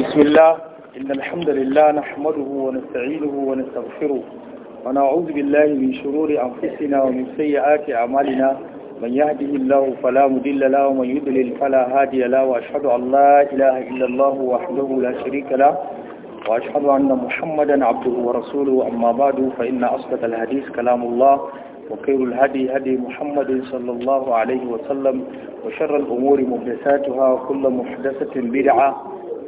بسم الله إن الحمد لله نحمده ونستعينه ونستغفره ونعوذ بالله من شرور أنفسنا ومن سيئات أعمالنا من يهده الله فلا مضل له ومن يضلل فلا هادي له وأشهد أن لا إله إلا الله وحده لا شريك له وأشهد أن محمدا عبده ورسوله أما بعد فإن أصدق الحديث كلام الله وخير الهدي هدي محمد صلى الله عليه وسلم وشر الأمور محدثاتها وكل محدثة بدعة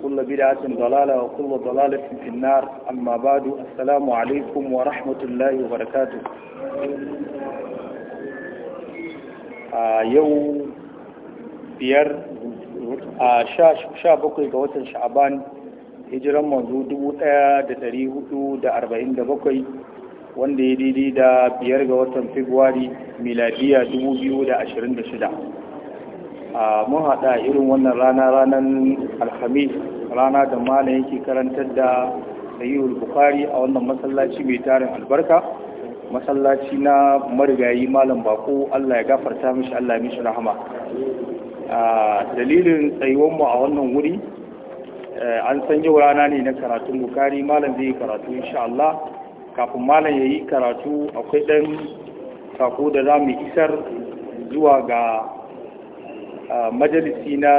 وكل بدعة ضلالة وكل ضلالة في النار أما بعد السلام عليكم ورحمة الله وبركاته يوم biyar a sha bakwai ga watan sha'aban hijiran manzo dubu ɗaya da ɗari wanda ya daidai da biyar ga watan februari miladiya dubu da mun haɗa irin wannan rana ranar alhamis rana da malam yake karantar da sayiwul bukari a wannan masallaci mai tarin albarka masallaci na marigayi malam bako Allah ya gafarta mishi Allah mishi rahama dalilin tsayuwanmu a wannan wuri e, an san yau rana ne na karatun bukari malam zai yi karatu insha Allah kafin malam ya yi karatu akwai ɗan sako da za mu isar zuwa ga majalisi na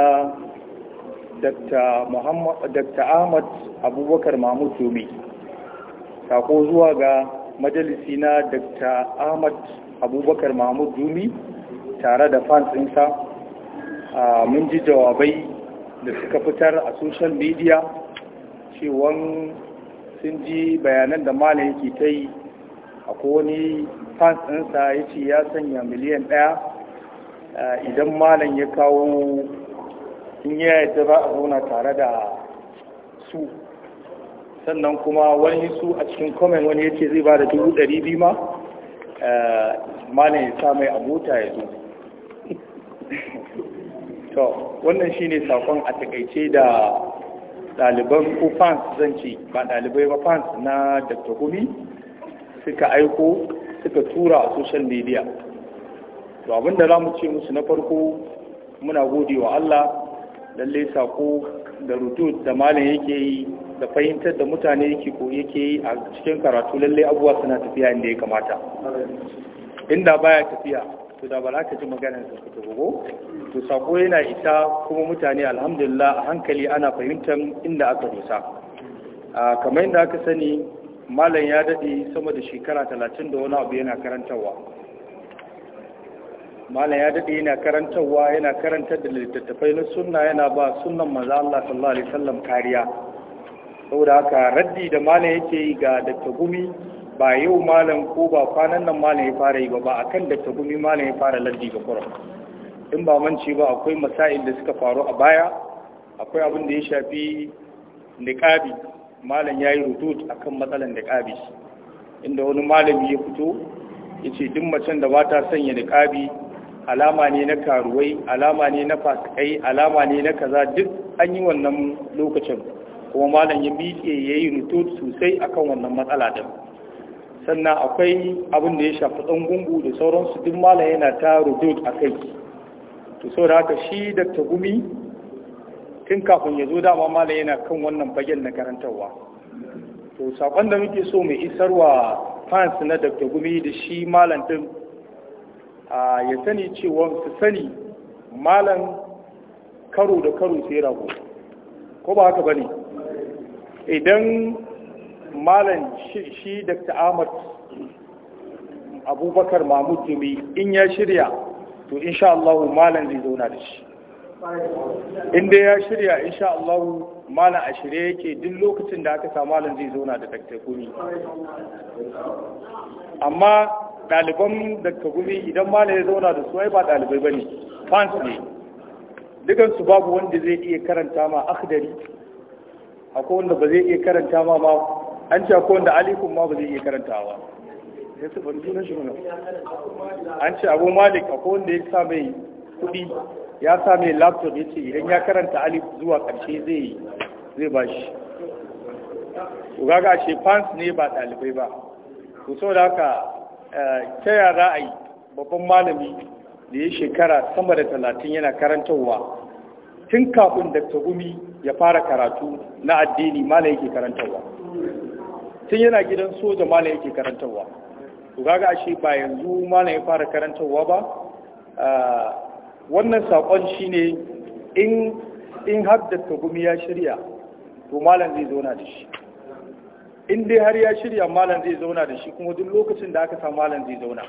dr ahmad abubakar mahmud domi sako zuwa ga majalisi na dr ahmad abubakar mahmud domi tare da fans ɗinsa mun ji jawabai da suka fitar a social media cewan sun ji bayanan da malam yake ta yi a wani fans ɗinsa ya ce ya sanya miliyan ɗaya idan malam ya kawo in ya yadda za a zauna tare da su sannan kuma wani su a cikin komen wani ya ce zai ba da dubu ɗari biyu ma eh, malam ya sa mai a mota ya zo to wannan ne sakon a takaice da ɗaliban ko fans zan ce ba ɗalibai ba fans na dr gumi suka aiko suka tura a social media to da za mu ce musu na farko muna gode wa Allah lalle sako da rutut da malam yake yi da fahimtar da mutane yake ko yake yi a cikin karatu lalle abuwa suna tafiya inda ya kamata inda baya tafiya to da ba za ka ji maganar sa fito gogo to sako yana isa kuma mutane alhamdulillah a hankali ana fahimtar inda aka dosa kamar inda aka sani malam ya dade sama da shekara talatin da wani abu yana karantarwa malam ya daɗe yana karantarwa yana karantar da littattafai na sunna yana ba sunan maza Allah sallallahu alaihi wasallam kariya saboda haka raddi da malam yake yi ga dakta Gumi ba yau malam ko ba kwanan nan malam ya fara yi ba ba akan dakta Gumi malam ya fara lardi ga in ba manci ba akwai masail da suka faru a baya akwai abin da ya shafi niqabi malam yayi rudud akan matsalan niqabi inda wani malami ya fito yace duk macen da ba ta sanya niƙabi alama ne na karuwai alama ne na fasikai alama ne na kaza duk an yi wannan lokacin kuma malam ya miƙe ya yi sosai akan wannan matsala din sannan akwai abin da ya shafi ɗan gungu da sauransu duk malam yana ta rutut a kai to sau da haka shi da gumi tun kafin ya zo dama malam yana kan wannan bagen na karantarwa to saƙon da muke so mai isarwa fans na dr gumi da shi malam din ya sani cewa su sani malam karo da karo sai rago ko ba haka bane idan malam shi dr ahmad abubakar mahmud jimi in ya shirya to insha Allah malam zai zauna da shi inda ya shirya insha Allah malam a shirye yake duk lokacin da aka samu malam zai zauna da dr kuni amma ɗaliban da ka gumi idan ma ya zauna da su ba ɗalibai ba ne fans ne Dukansu babu wanda zai iya karanta ma akhdari akwai wanda ba zai iya karanta ma ma an ce akwai wanda alikun ma ba zai iya karantawa ya su ban juna shi an ce abu malik akwai wanda ya sa mai kuɗi ya sa mai laptop ya ce idan ya karanta alif zuwa ƙarshe zai zai ba shi ku gaga ce fans ne ba ɗalibai ba ku so da haka ta ya za a yi babban malami da ya shekara sama da talatin yana karantarwa tun kafin da gumi ya fara karatu na addini malam yake karantarwa tun yana gidan soja malam yake karantarwa to kaga ashe ba yanzu malam ya fara karantarwa ba ah, wannan saƙon shine in in har da gumi ya shirya to malam zai zauna da shi in dai har ya shirya malam zai zauna da shi kuma duk lokacin da aka sa malam zai zauna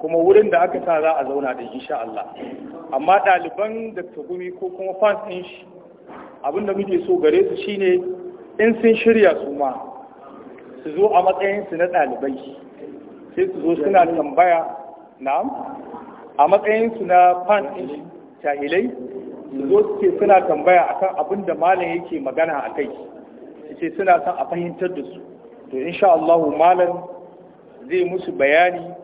kuma wurin da aka sa za a zauna da insha Allah amma daliban da gumi ko kuma fans din shi abinda muke so gare su shine in sun shirya su ma su zo a matsayin su na ɗalibai sai su zo suna tambaya na'am a matsayin su na fans din shi jahilai su zo suke suna tambaya akan abin da malam yake magana akai. kai sai suna son a fahimtar da su to insha Allah malam zai musu bayani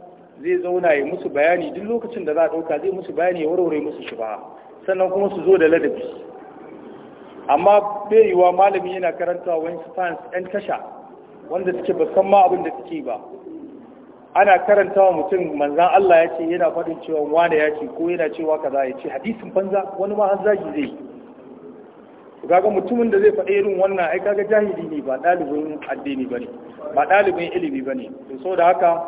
zai zauna ya musu bayani duk lokacin da za a ɗauka zai musu bayani ya warware musu shi ba sannan kuma su zo da ladabi amma bai malami yana karanta wani fans ɗan tasha wanda suke ba san ma abin da suke ba ana karantawa mutum manzan Allah ya ce yana faɗin cewa wane ya ce ko yana cewa kaza ya ce hadisin banza wani ma har zagi zai yi kaga mutumin da zai faɗi irin wannan ai kaga jahili ne ba ɗalibin addini bane ba ɗalibin ilimi bane to saboda haka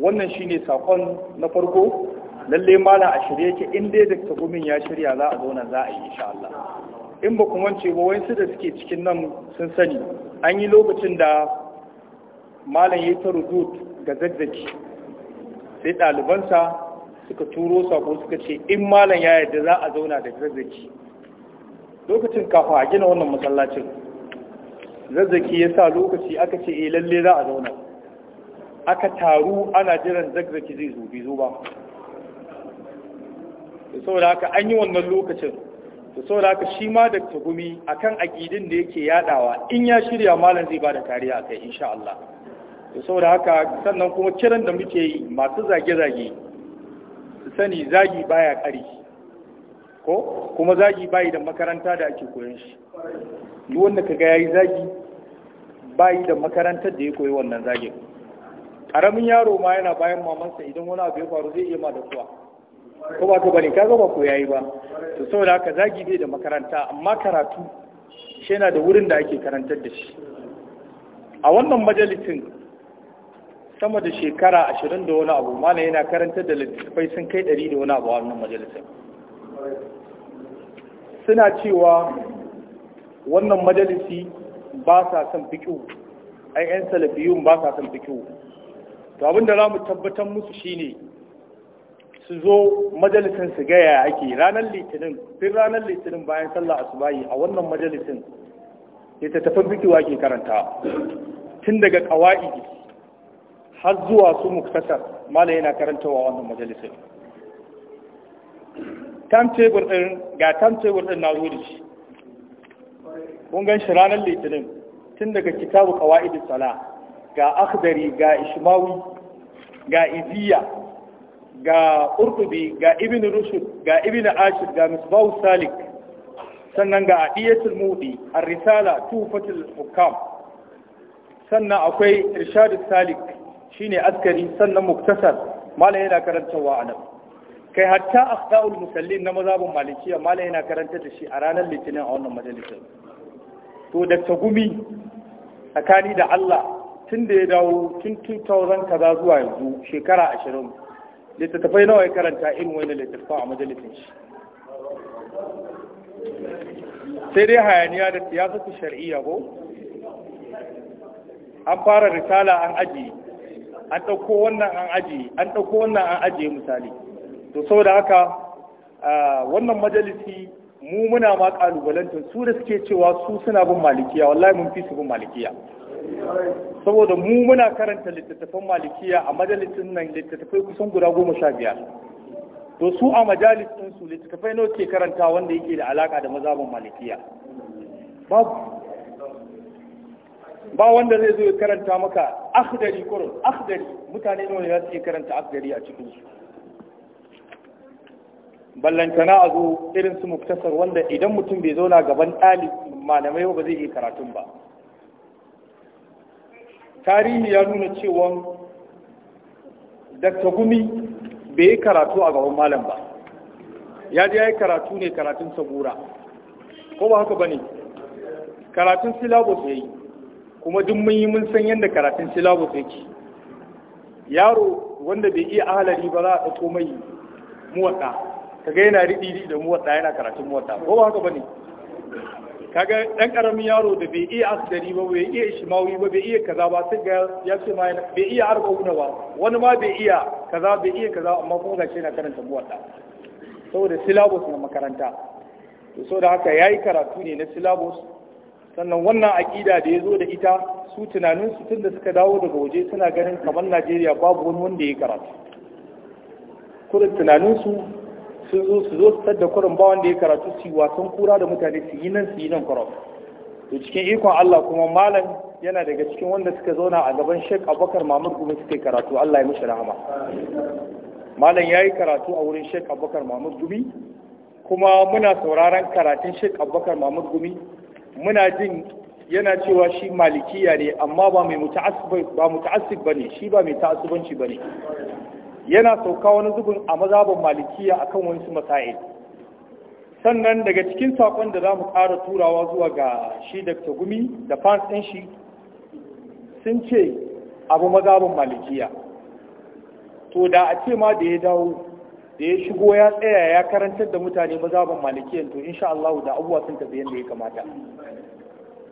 wannan shine sakon na farko lalle mala a shirye yake in dai da gumin ya shirya za a zauna za a yi insha Allah in ba ku wance ba wayansu da suke cikin nan sun sani an yi lokacin da malam ya ta rudut ga zazzaki sai ɗalibansa suka turo sako suka ce in malam ya yarda za a zauna da zazzaki lokacin kafa a gina wannan masallacin zazzaki ya sa lokaci aka ce eh, lalle za a zauna aka taru ana jiran zazzaki zai zo bai zo ba da saboda haka an yi wannan lokacin da saboda haka shi ma da tagumi akan akidin da yake yadawa in ya shirya malam zai ba bada kariya kai insha Allah da saboda haka sannan kuma kiran da muke yi masu zage-zage su sani zagi baya ƙari ko kuma zagi bayi da makaranta da ake koyon shi duk wanda ka yayi zagi bayi da makarantar da ya koyi wannan zagin karamin yaro ma yana bayan mamansa idan wani abu ya faru zai iya ma da kuwa ko ba ka bane kaga ba ko yayi ba to saboda haka zagi bai da makaranta amma karatu shi yana da wurin da ake karantar da shi a wannan majalisin sama da shekara ashirin da wani abu mana yana karantar da littattafai sun kai ɗari da wani abu a wannan majalisin suna cewa wannan majalisi ba sa son fikihu ai yan salafiyun ba sa son fikihu to abin da za mu tabbatar musu shine su zo majalisin su gaya ake ranar litinin fin ranar litinin bayan sallah asubahi a wannan majalisin littattafan fikihu ake karanta tun daga kawai har zuwa su muktasar mala yana karantawa wannan majalisin timetable ɗin ga ɗin na zo shi kun gan shi ranar litinin tun daga kitabu kawa'idin sala ga akhdari ga ishmawi ga iziya ga Urdubi, ga ibn rushd ga ibn ashir ga misbahu salik sannan ga adiyatul mudi ar-risala tufatul hukam sannan akwai irshadus salik shine askari sannan muktasar malai yana karantawa anan kai hatta asda'ul musallin na mazhabin malikiya mala yana karanta da shi a ranar litinin a wannan majalisar to da tagumi tsakani da Allah tun da ya dawo tun 2000 kaza zuwa yanzu shekara ashirin littattafai nawa ya karanta irin wani littattafan a majalisar shi sai dai hayaniya da ta shar'iyya ko an fara risala an ajiye an ɗauko wannan an ajiye an ɗauko wannan an ajiye misali to saboda haka wannan majalisi mu muna ma kalubalantar su da suke cewa su suna bin malikiya wallahi mun fi su bin malikiya saboda mu muna karanta littattafan malikiya a majalisin nan littattafai kusan guda goma sha biyar to su a majalis su littattafai nawa ke karanta wanda yake da alaka da mazabin malikiya babu ba wanda zai zo ya karanta maka akhdari kurun akhdari mutane nawa ne za su karanta akhdari a cikin su ballantana a zo irin su muktasar wanda idan mutum bai zauna gaban ɗali malamai ba zai yi karatun ba tarihi ya nuna cewa dakta gumi bai yi karatu a gaban malam ba ya ji ya yi karatu ne karatun sabura ko ba haka ba ne karatun silabus ya yi kuma duk mun yi mun san yadda karatun silabus ke. yaro wanda bai iya ahalari ba za a ɗauko mai muwaɗa kaga yana riɗi da muwatta yana karatun muwatta ko ba haka bane kaga dan karamin yaro da bai iya asdari ba bai iya shimawi ba bai iya kaza ba sai ga ya ce ma bai iya arba'una ba wani ma bai iya kaza bai iya kaza amma kuma shi yana karanta muwatta saboda syllabus na makaranta to saboda haka yayi karatu ne na syllabus sannan wannan aƙida da ya zo da ita su tunanin su tun da suka dawo daga waje suna ganin kamar Najeriya babu wani wanda ya karatu kurin tunaninsu sun zo su zo su da kurin bawan da ya karatu su yi wasan kura da mutane su yi nan su yi nan kura, to cikin ikon Allah kuma malam yana daga cikin wanda suka zauna a gaban Sheikh Abubakar Mamud kuma suka yi karatu Allah ya mishi rahama malam yi karatu a wurin Sheikh Abubakar Mamud Gumi kuma muna sauraron karatun Sheikh Abubakar Mamud Gumi muna jin yana cewa shi malikiya ne amma ba mai muta'assib ba ne shi ba mai ta'assubanci bane yana sauka wani zubin a mazabin malikiya akan wani su masail sannan daga cikin saƙon da za mu ƙara turawa zuwa ga shi Dr. Gumi da fans ɗin shi sun ce abu mazabin malikiya to da a ce ma da ya dawo da ya shigo ya tsaya ya karantar da mutane mazabin malikiyan to insha Allah da abubuwa sun tafi yadda ya kamata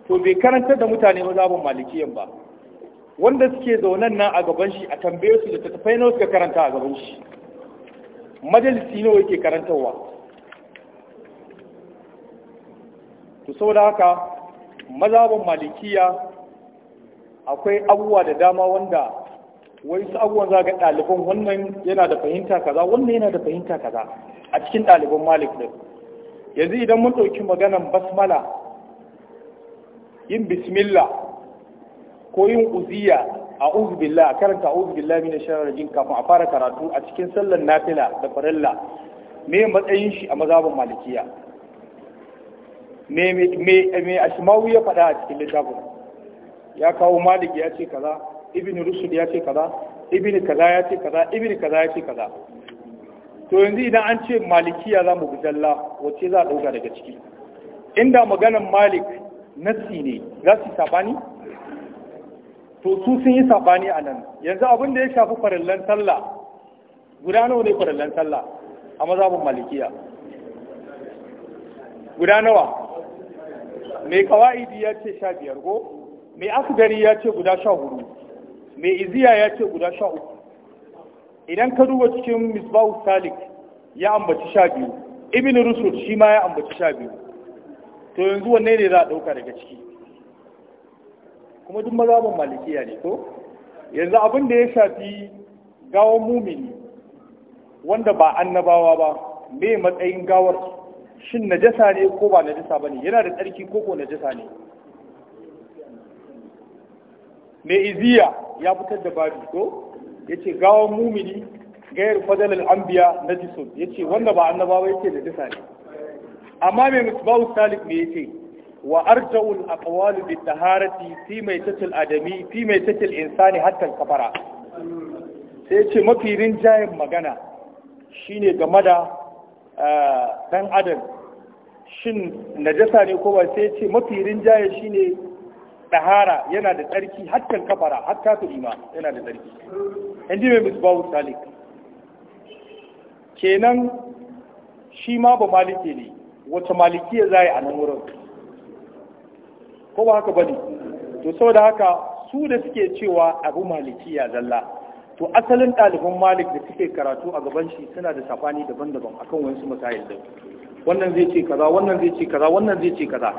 to bai karantar da mutane mazabin malikiyan ba wanda suke zaunan nan a gaban shi a tambaye su da tafai wasu suka karanta a gaban shi majalisi nawa yake karantarwa to saboda haka mazhabin malikiya akwai abubuwa da dama wanda wai su abubuwan za ga ɗaliban wannan yana da fahimta kaza wannan yana da fahimta kaza a cikin ɗaliban malik ɗin yanzu idan mun ɗauki maganan basmala yin bismillah ko yin uziya a billah karanta a'udhu billahi minash shaitanir jin kafin a fara karatu a cikin sallar nafila da farilla me matsayin shi a mazabin malikiya me me me ashmawi ya faɗa a cikin littafin ya kawo maliki ya ce kaza ibn rushd ya ce kaza ibn kaza ya ce kaza ibn kaza ya ce kaza to yanzu idan an ce malikiya za mu bi dalla wacce za a ɗauka daga ciki inda maganan malik nasi ne za su sabani to su sun yi sabani a nan yanzu abin da ya shafi farallan sallah guda nawa ne farallan sallah a mazabin malikiya guda nawa mai kawa'idi ya ce sha biyar ko mai asgari ya ce guda sha hudu mai iziya ya ce guda sha uku idan ka duba cikin misbahu salik ya ambaci sha biyu ibn rusul shi ma ya ambaci sha biyu to yanzu wanne ne za a ɗauka daga ciki kuma duk mazhabin malikiya ne ko yanzu abin da ya shafi gawon mumini wanda ba annabawa ba me matsayin gawar shin najasa ne ko ba najasa bane yana da tsarki ko ko najasa ne mai iziya ya fitar da babu ko ya ce gawar mumini gayar fadalar ambiya na jisun ya ce wanda ba annabawa ba yake da jisa ne amma mai musbahu salif ne ya ce wa arja'ul aqwali bit taharati fi maitatil adami fi maitatil insani hatta kafara sai ce mafi rinjayen magana shine game da eh, dan adam shin najasa ne ko ba sai ce mafi rinjaye shine tahara yana da tsarki hatta kafara hatta ima yana da tsarki inji mai misbahu salik kenan shi ma ba malike ne wata malikiya zai a nan wurin ko ba haka bane to saboda haka su da suke cewa abu malikiya zalla to asalin ɗaliban malik da suke karatu a gaban shi suna da safani daban-daban akan wasu masail da wannan zai ce kaza wannan zai ce kaza wannan zai ce kaza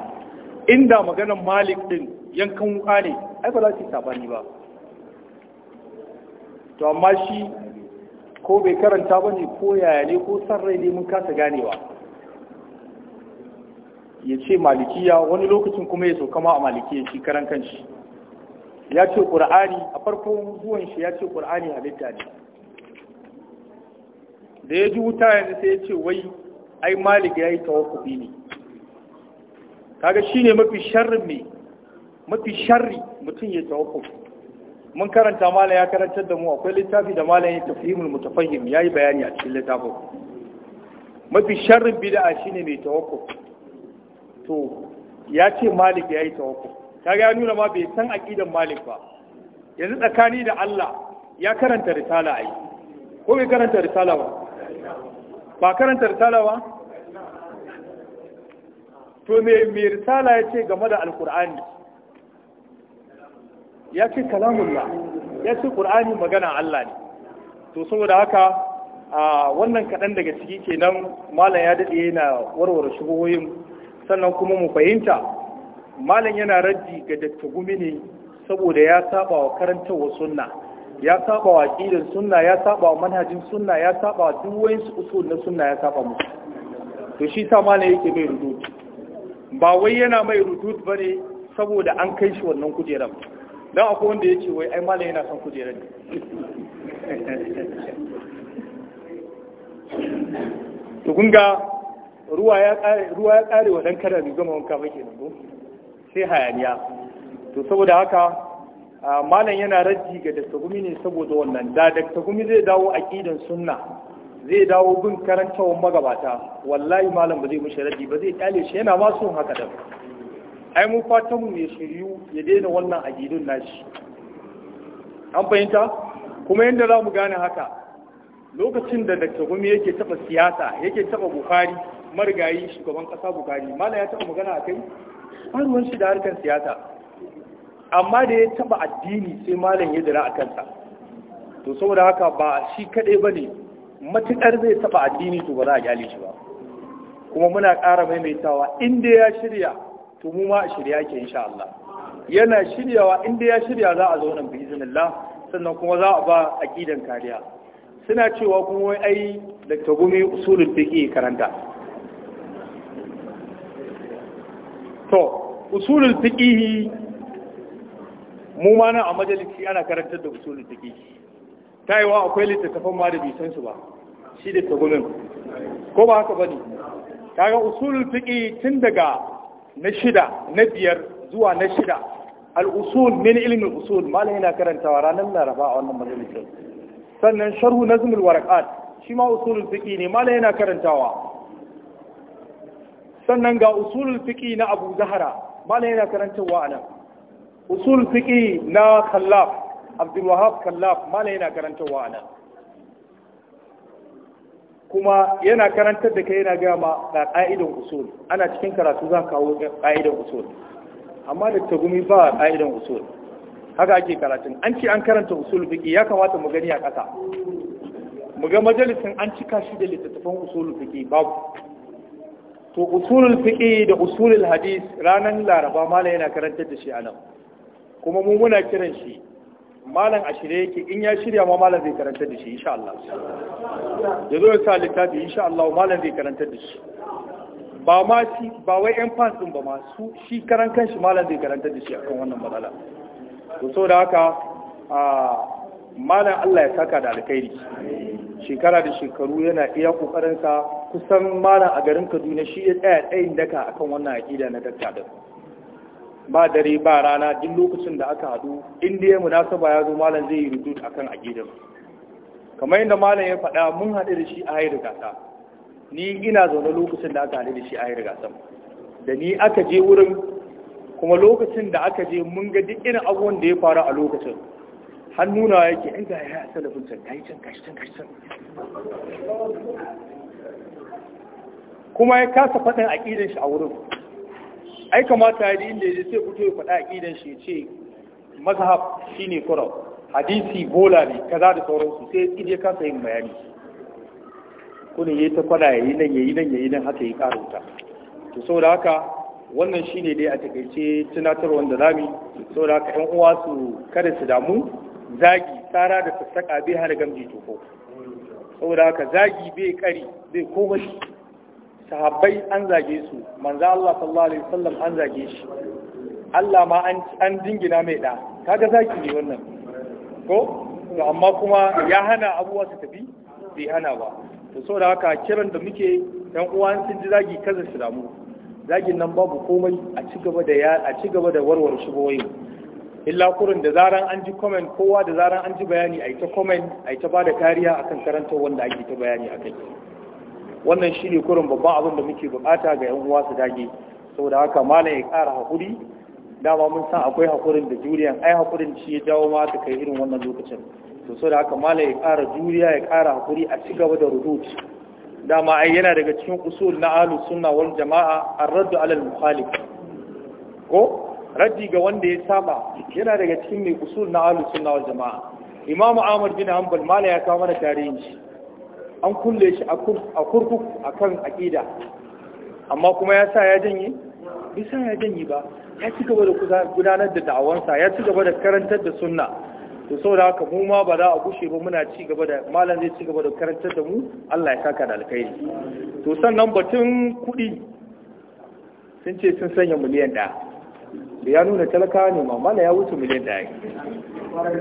inda maganar malik din yankan wuka ne ai ba za su safani ba to amma shi ko bai karanta bane ko yaya ne ko san rai ne mun kasa ganewa ya ce malikiya wani lokacin kuma ya saukama a malikiya shi karan kanshi ya ce ƙur'ani a farkon zuwan shi ya ce ƙur'ani halitta ne da ya ji wuta yanzu sai ya ce wai ai malik ya yi tawakufi ne kaga shi ne mafi sharri mai mafi sharri mutum ya tawakufi mun karanta mala ya karantar da mu akwai littafi da mala ya tafhimul mutafahim ya yi bayani a cikin littafin mafi sharrin bid'a ne mai tawakufi to ya ce malik ya yi tawakkul kaga ya nuna ma bai san aqidan malik ba yanzu tsakani da Allah ya karanta risala ai ko bai karanta risala ba ba karanta risala ba to me me risala ya ce game da alqur'ani ya ce kalamullah ya ce qur'ani magana Allah ne to saboda haka a wannan kaɗan daga ciki kenan malam ya daɗe yana warware shugoyin sannan kuma mu fahimta malam yana raddi ga dattagumi ne saboda ya saba wa karantarwa sunna ya saba wa ƙidan sunna ya saba wa manhajin sunna ya saba wa duk su uku na sunna ya saba musu to shi sa malam yake mai rudud ba wai yana mai rudud ne saboda an kai shi wannan kujerar dan akwai wanda yake wai ai malam yana son kujerar ne to kun ga ruwa ya ƙare wa ɗan kada bai gama wanka ba kenan ko sai hayaniya to saboda haka malam yana rajji ga Gumi ne saboda wannan da Gumi zai dawo a ƙidan sunna zai dawo bin karantawan magabata wallahi malam ba zai mushi rajji ba zai kyale shi yana ma son haka da ai mu fata mu ya shiryu ya daina wannan a gidan nashi an fahimta kuma yadda za mu gane haka lokacin da Gumi yake taba siyasa yake taba bukari marigayi shugaban kasa bukari malam ya taɓa magana a kai faruwan shi da harkar siyasa amma da ya taɓa addini sai malam ya dira a kansa to saboda haka ba shi kaɗai ba ne matuƙar zai taɓa addini to ba za a gyale shi ba kuma muna ƙara maimaitawa inda ya shirya to mu ma a shirya ke insha Allah yana shiryawa inda ya shirya za a zauna bi iznillah sannan kuma za a ba aqidan kariya suna cewa kuma wai ai da tagumi usulul fiqh karanta to usulul fiqihi mu ma nan a majalisi ana karantar da usulul fiqihi tayiwa akwai littattafan ma da bai san su ba shi da tagumin ko ba haka bane kaga usulul fiqihi tun daga na shida na biyar zuwa na shida al usul min ilmin usul ma yana karantawa ranar laraba a wannan majalisin sannan sharhu nazmul waraqat shi ma usulul fiqihi ne ma yana karantawa sannan ga usulul fiqi na Abu Zahra malai yana karantawa anan usul fiqi na Khallaf Abdul Wahhab Khallaf malai yana karantawa anan kuma yana karantar da kai yana ga ma da ka'idan usul ana cikin karatu za kawo ka'idan usul amma da tagumi ba ka'idan usul haka ake karatun an ce an karanta usul fiqi ya kamata mu gani a ƙasa mu ga majalisin an cika shi da littattafan usul fiqi babu to usulul fiqi da usulul hadis ranan laraba malam yana karantar da shi a nan kuma mu muna kiran shi malam a shirye yake in ya shirya ma malam zai karantar da shi insha Allah da zo ya sa littafi insha Allah malam zai karantar da shi ba ma shi ba wai yan fans din ba ma su shi karan kanshi malam zai karantar da shi akan wannan matsala to saboda haka a malam Allah ya saka da alkhairi shekara da shekaru yana iya kokarinsa kusan malam a garin Kaduna shi ya tsaya tsayin daka akan wannan aƙida na dakta ba dare ba rana duk lokacin da aka haɗu inda ya munasaba ya zo malam zai yi rudud akan aƙidar kamar yadda malam ya faɗa mun haɗu da shi a hayar gasa ni ina zaune lokacin da aka haɗu da shi a hayar gasa da ni aka je wurin kuma lokacin da aka je mun ga duk irin abubuwan da ya faru a lokacin hannuna yake ai ga ya salafin ka yi can kashi can kashi can kuma ya kasa faɗin aƙidan shi a wurin ai kamata ya inda ya sai fito ya faɗa aƙidan shi ya ce mazhab shi ne kurau hadisi bola ne kaza da sauransu sai ya ya kasa yin bayani kuna yi ta faɗa yi nan ya yi nan ya yi nan haka ya ƙara wuta. to saboda haka wannan shine dai a takaice tunatarwar da zami saboda haka 'yan uwa su kada su damu zagi tsara da sassaka bai hana gamji tuko saboda haka zagi bai kari bai komai sahabbai an zage su manza Allah sallallahu alaihi wasallam an zage shi Allah ma an dingina mai da kaga zaki ne wannan ko to amma kuma ya hana abuwa su tafi bai hana ba to saboda haka kiran da muke dan uwan sun ji zagi kaza su damu zagin nan babu komai a ci gaba da ya a cigaba da warware shi illa kurin da zaran an ji comment kowa da zaran an ji bayani a ta comment a ta bada kariya a kan karantar wanda ake ta bayani a kai. wannan ne kurin babban abin da muke bukata ga yan uwa su dage saboda haka malam ya ƙara hakuri dama mun san akwai hakurin da juriyan ai hakurin shi ya jawo ma ta kai irin wannan lokacin to saboda haka malam ya ƙara juriya ya ƙara hakuri a ci gaba da rudut dama ai yana daga cikin usul na ahlus sunna wal jamaa ar-radd ala al-mukhalif ko raddi ga wanda ya saba yana daga cikin mai usul na ahlus sunna wal jamaa imamu ahmad bin hanbal mala ya kawo mana tarihin shi an kulle shi a kurkuk akan aqida amma kuma ya sa ya janye bisa ya janye ba ya ci gaba da gudanar da da'awansa ya ci gaba da karantar da sunna to saboda haka mu ma ba za a gushe ba muna ci gaba da malam zai ci gaba da karantar da mu Allah ya saka da alkhairi to sannan batun kuɗi sun ce sun sanya miliyan ɗaya da ya nuna talaka ne mamala ya wuce miliyan ɗaya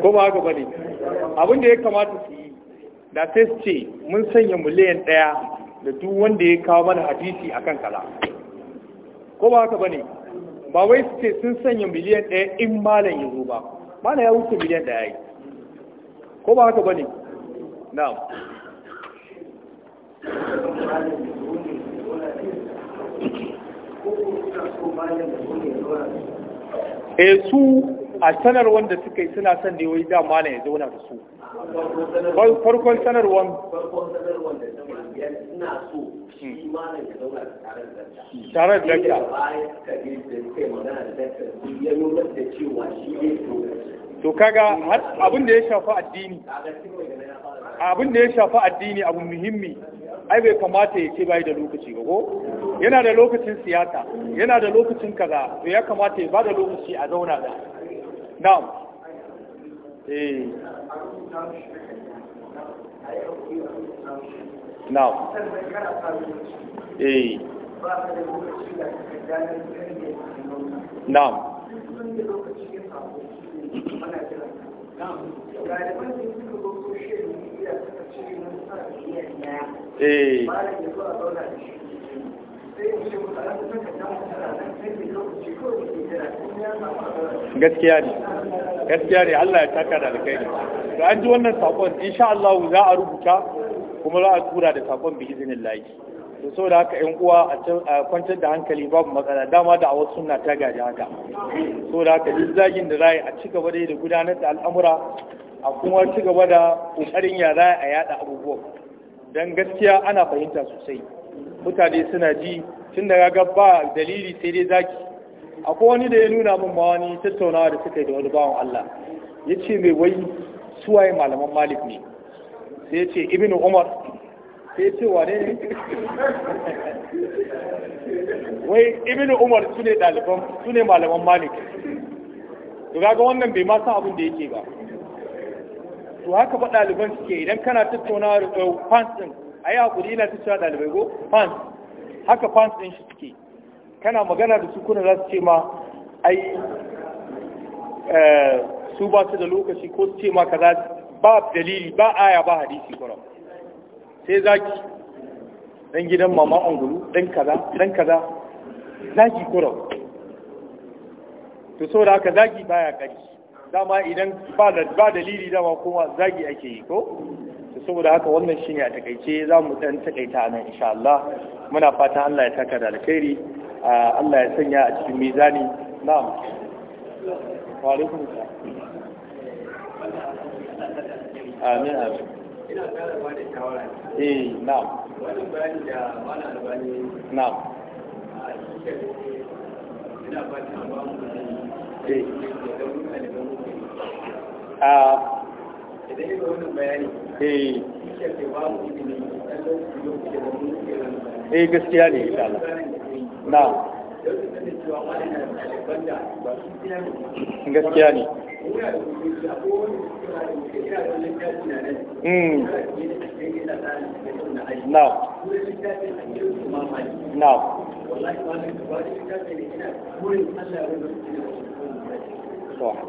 ko ba haka bane abin da ya kamata su yi da sai su ce mun sanya miliyan ɗaya da duk wanda ya kawo mana hadisi kan kala? ko ba haka bane ba wai su ce sun sanya miliyan ɗaya in malam ya zo ba mana ya wuce miliyan ɗaya ko ba haka bane na'am e su a sanar wanda suka yi suna son da wai dama ne ya zauna da su farkon sanarwar zauna da dakta to kaga abin da ya shafa addini abin da ya shafa addini abu muhimmi ai bai kamata ya ce bai da lokaci ba ko yana da lokacin siyasa yana da lokacin kaza to ya kamata ya bada lokaci a zauna da na'am eh na'am eh na'am eh gaskiya ne gaskiya ne Allah ya taka da alkhairi to an ji wannan sakon insha Allah za a rubuta kuma za a tura da sakon bi izinin lahi to saboda haka ƴan uwa a kwantar da hankali babu matsala dama da a wasu suna ta gaji haka saboda haka duk zagin da rai a ci gaba da gudanar da al'amura a kuma ci gaba da kokarin ya a yada abubuwa dan gaskiya ana fahimta sosai mutane suna ji tun da ga ba dalili sai dai zaki akwai wani da ya nuna min ma wani tattaunawa da suka yi da wani bawan Allah ya ce mai wai suwaye malaman malik ne sai ya ce ibn umar sai ya ce wane ne wai ibn umar su ne ɗaliban su ne malaman malik to ga wannan bai ma san abin da yake ba to haka ba ɗaliban suke idan kana tattaunawa da eh, fans a yi haƙuri ina ta cewa ɗalibai ko fans haka fans ɗin shi suke kana magana da su kuna za su ce ma ai eh, su ba su da lokaci ko su ce ma kaza ba dalili ba aya ba hadisi kuma sai zaki dan gidan mama angulu dan kaza dan kaza zaki kuma to saboda haka zaki baya kari dama idan ba dalili dama kuma zagi ake yi ko saboda haka wannan shine a takaice za mu dan takaita nan insha Allah muna fata Allah ya saka da alkhairi Allah ya sanya a cikin mizani na'am wa alaikum amin amin ina kara ba da shawara eh, da ina ba mu eh. da mun da ايه ايه قصتي يعني ان شاء الله نعم قصتياني امم نعم نعم والله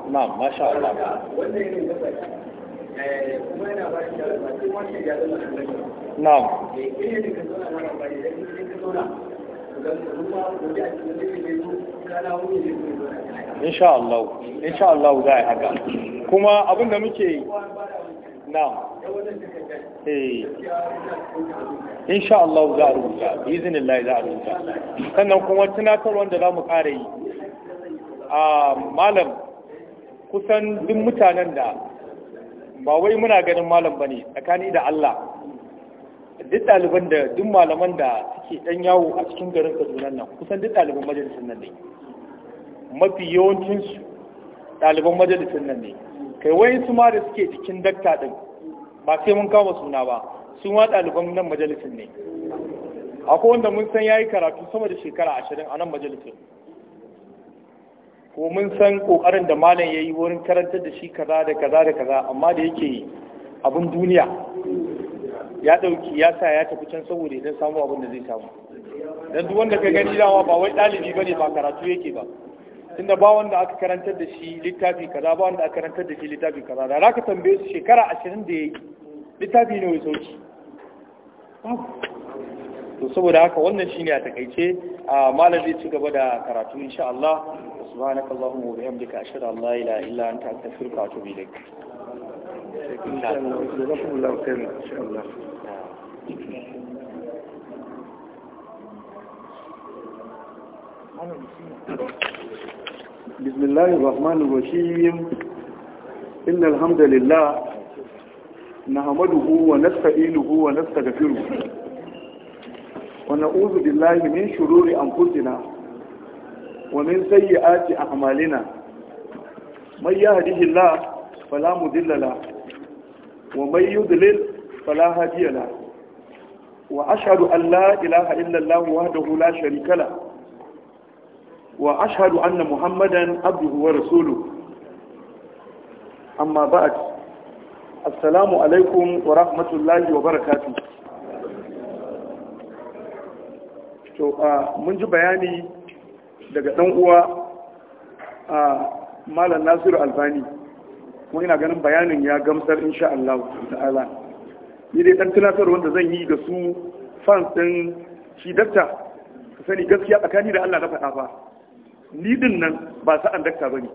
نعم ما شاء الله kuma na'am kuma za a haka kuma abin da muke na'am eh insha Allah za a rubuta biiznillah za sannan kuma tunatar wanda za mu kare yi a ah, malam kusan duk mutanen da ba wai muna ganin malam bane tsakani da Allah duk ɗaliban da duk malaman da suke ɗan yawo a cikin garin Kaduna nan kusan duk ɗaliban majalisar nan ne mafi yawancinsu ɗaliban majalisar nan ne kai wayan su ma da suke cikin dakta ɗin ba sai mun kama suna ba su ma ɗaliban nan majalisar ne akwai wanda mun san ya yi karatu sama da shekara ashirin a nan majalisar ko mun san kokarin da malam ya yi wurin karantar da shi kaza da kaza da kaza amma da yake abin duniya ya dauki ya sa ya tafi can saboda idan samu abin da zai samu dan duk wanda ka gani dawa ba wai dalibi bane ba karatu yake ba tunda ba wanda aka karantar da shi littafi kaza ba wanda aka karantar da shi littafi kaza da za ka tambaye su shekara 20 da yi, littafi ne wai sauki to saboda haka wannan shine a takaice malam zai ci gaba da karatu insha Allah سبحانك اللهم وبحمدك أشهد أن لا إله إلا أنت أستغفرك وأتوب إليك إن شاء الله جزاكم الله إن شاء الله بسم الله الرحمن الرحيم إن الحمد لله نحمده ونستعينه ونستغفره ونعوذ بالله من شرور أنفسنا ومن سيئات أعمالنا من يهده الله فلا مضل له ومن يضلل فلا هادي له وأشهد أن لا إله إلا الله وحده لا شريك له وأشهد أن محمدا عبده ورسوله أما بعد السلام عليكم ورحمة الله وبركاته to mun ji bayani daga ɗan uwa a malam nasiru albani kuma ina ganin bayanin ya gamsar insha Allah ta'ala ni dai ɗan tunatar wanda zan yi ga su fans ɗin shi dakta ka sani gaskiya tsakani da Allah na faɗa fa ni din nan ba sa'an dakta ba ne,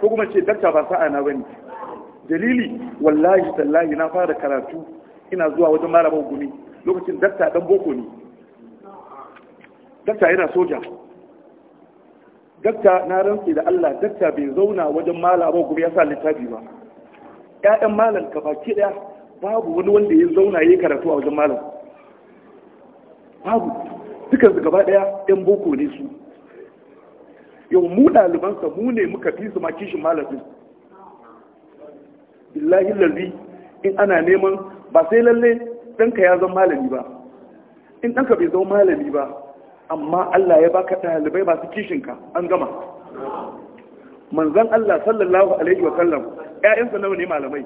ko kuma ce dakta ba sa'a na ne, dalili wallahi tallahi na fara karatu ina zuwa wajen malamin gumi lokacin dakta dan boko ne dakta yana soja dakta na rantsi da Allah dakta bai zauna wajen malam ba kuma ya sa littafi ba ƴaƴan malam ka baki daya babu wani wanda ya zauna yayin karatu a wajen malam babu dukan su gaba ɗaya ɗan boko ne su yau mu daliban sa mu ne muka fi su ma kishin malamin billahi lalli in ana neman ba sai lalle ɗanka ya zama malami ba in ɗanka bai zama malami ba amma Allah ya baka ɗalibai masu kishinka an gama manzan Allah sallallahu alaihi wa sallam ƴaƴansa nawa ne malamai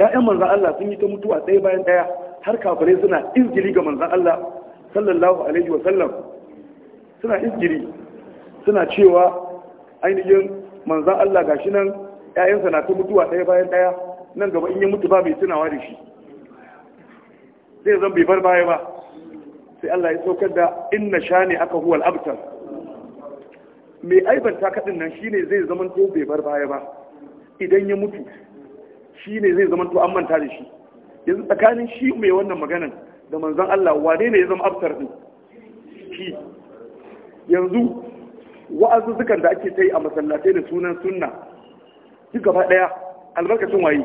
ƴaƴan manzan Allah sun yi ta mutuwa ɗaya bayan ɗaya har kafirai suna izgiri ga manzan Allah sallallahu alaihi wa sallam suna izgiri suna cewa ainihin manzan Allah gashi nan ƴaƴansa na ta mutuwa ɗaya bayan ɗaya nan gaba in ya mutu ba mai tunawa da shi zai zan bai bar baya ba sai Allah ya saukar da inna shani aka huwal abtar mai aibanta kaɗin nan shine zai zaman to bai bar baya ba idan ya mutu shine zai zaman to an manta da shi yanzu tsakanin shi mai wannan maganan da manzon Allah wane ne ya zama abtar din shi yanzu wa'azuzzukan da ake tai a masallatai da sunan sunna duk gaba daya albarkacin waye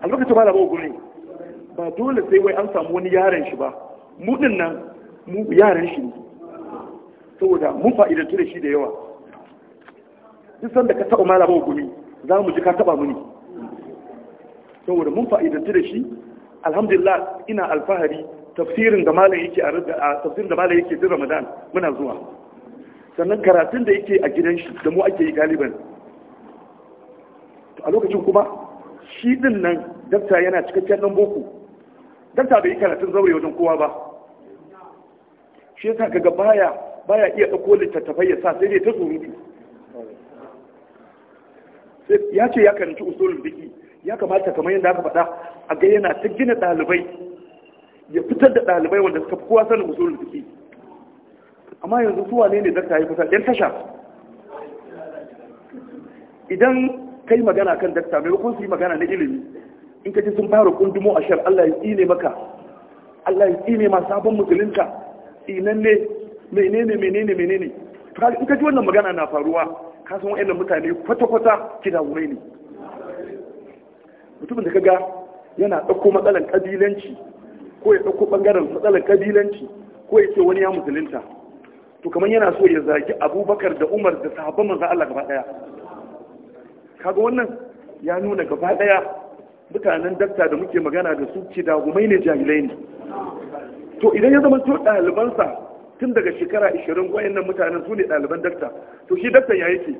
albarkacin malama ogun ne ba dole sai wai an samu wani yaron shi ba Mudin nan mu yaran shi ne saboda mun fa'idantu da shi da yawa duk da ka taɓa malaba gumi za mu ji ka taɓa mu ne saboda mun fa'idantu da shi alhamdulillah ina alfahari tafsirin da malam yake a tafsirin da malam yake din Ramadan muna zuwa sannan karatun da yake a gidan shi da mu ake yi galiban a lokacin kuma shi din nan dakta yana cikakken nan boko ta bai yi karatun zaure wajen kowa ba shi yasa kaga baya baya iya dauko littattafai ya sa sai dai ta surutu ya ce ya karanci usulun biki ya kamata kamar yadda aka faɗa a ga yana ta gina ɗalibai ya fitar da ɗalibai wanda suka fi kowa sanin usulun biki amma yanzu suwa ne ne dakta ya kusa yan tasha idan kai magana kan dakta maimakon su yi magana na ilimi in ka ji sun fara kundumo a shar Allah ya tsine maka Allah ya tsine ma sabon musulunta tsinan ne menene menene menene kaga in ka ji wannan magana na faruwa ka san wa'annan mutane kwata kwata kina wurai ne mutumin da ka ga yana ɗauko matsalar kabilanci ko ya ɗauko ɓangaren matsalan kabilanci ko ya ce wani ya musulunta to kamar yana so ya zagi abubakar da umar da sahabban manzan Allah gaba ɗaya. kaga wannan ya nuna gaba ɗaya. mutanen dakta da muke magana da su ce dagumai ne jahilai ne to idan ya zama to ɗalibansa tun daga shekara 20 nan mutanen su ne ɗaliban dakta to shi dakta ya yake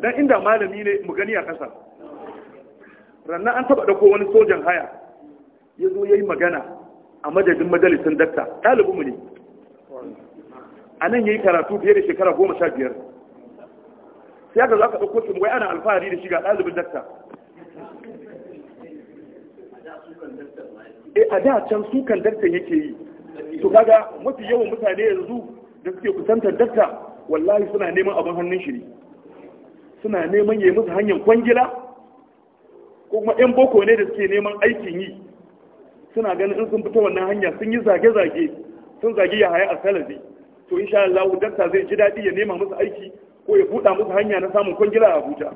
dan inda malami ne mu gani a ƙasa rannan an taɓa ɗauko wani sojan haya ya zo ya yi magana a madadin majalisun dakta ɗalibinmu ne a nan ya yi karatu fiye da shekara goma sha biyar sai aka za ka ɗauko shi wai ana alfahari da shi ga ɗalibin dakta E a da can su kan dakta yake yi to kaga mafi yawan mutane yanzu da suke kusantar dakta wallahi suna neman abin hannun shiri suna neman yi musu hanyar kwangila ko kuma yan boko ne da suke neman aikin yi suna ganin in sun fita wannan hanya sun yi zage-zage sun zage ya haya a salazi. to insha Allah dakta zai ji daɗi ya nema musu aiki ko ya buɗa musu hanya na samun kwangila a Abuja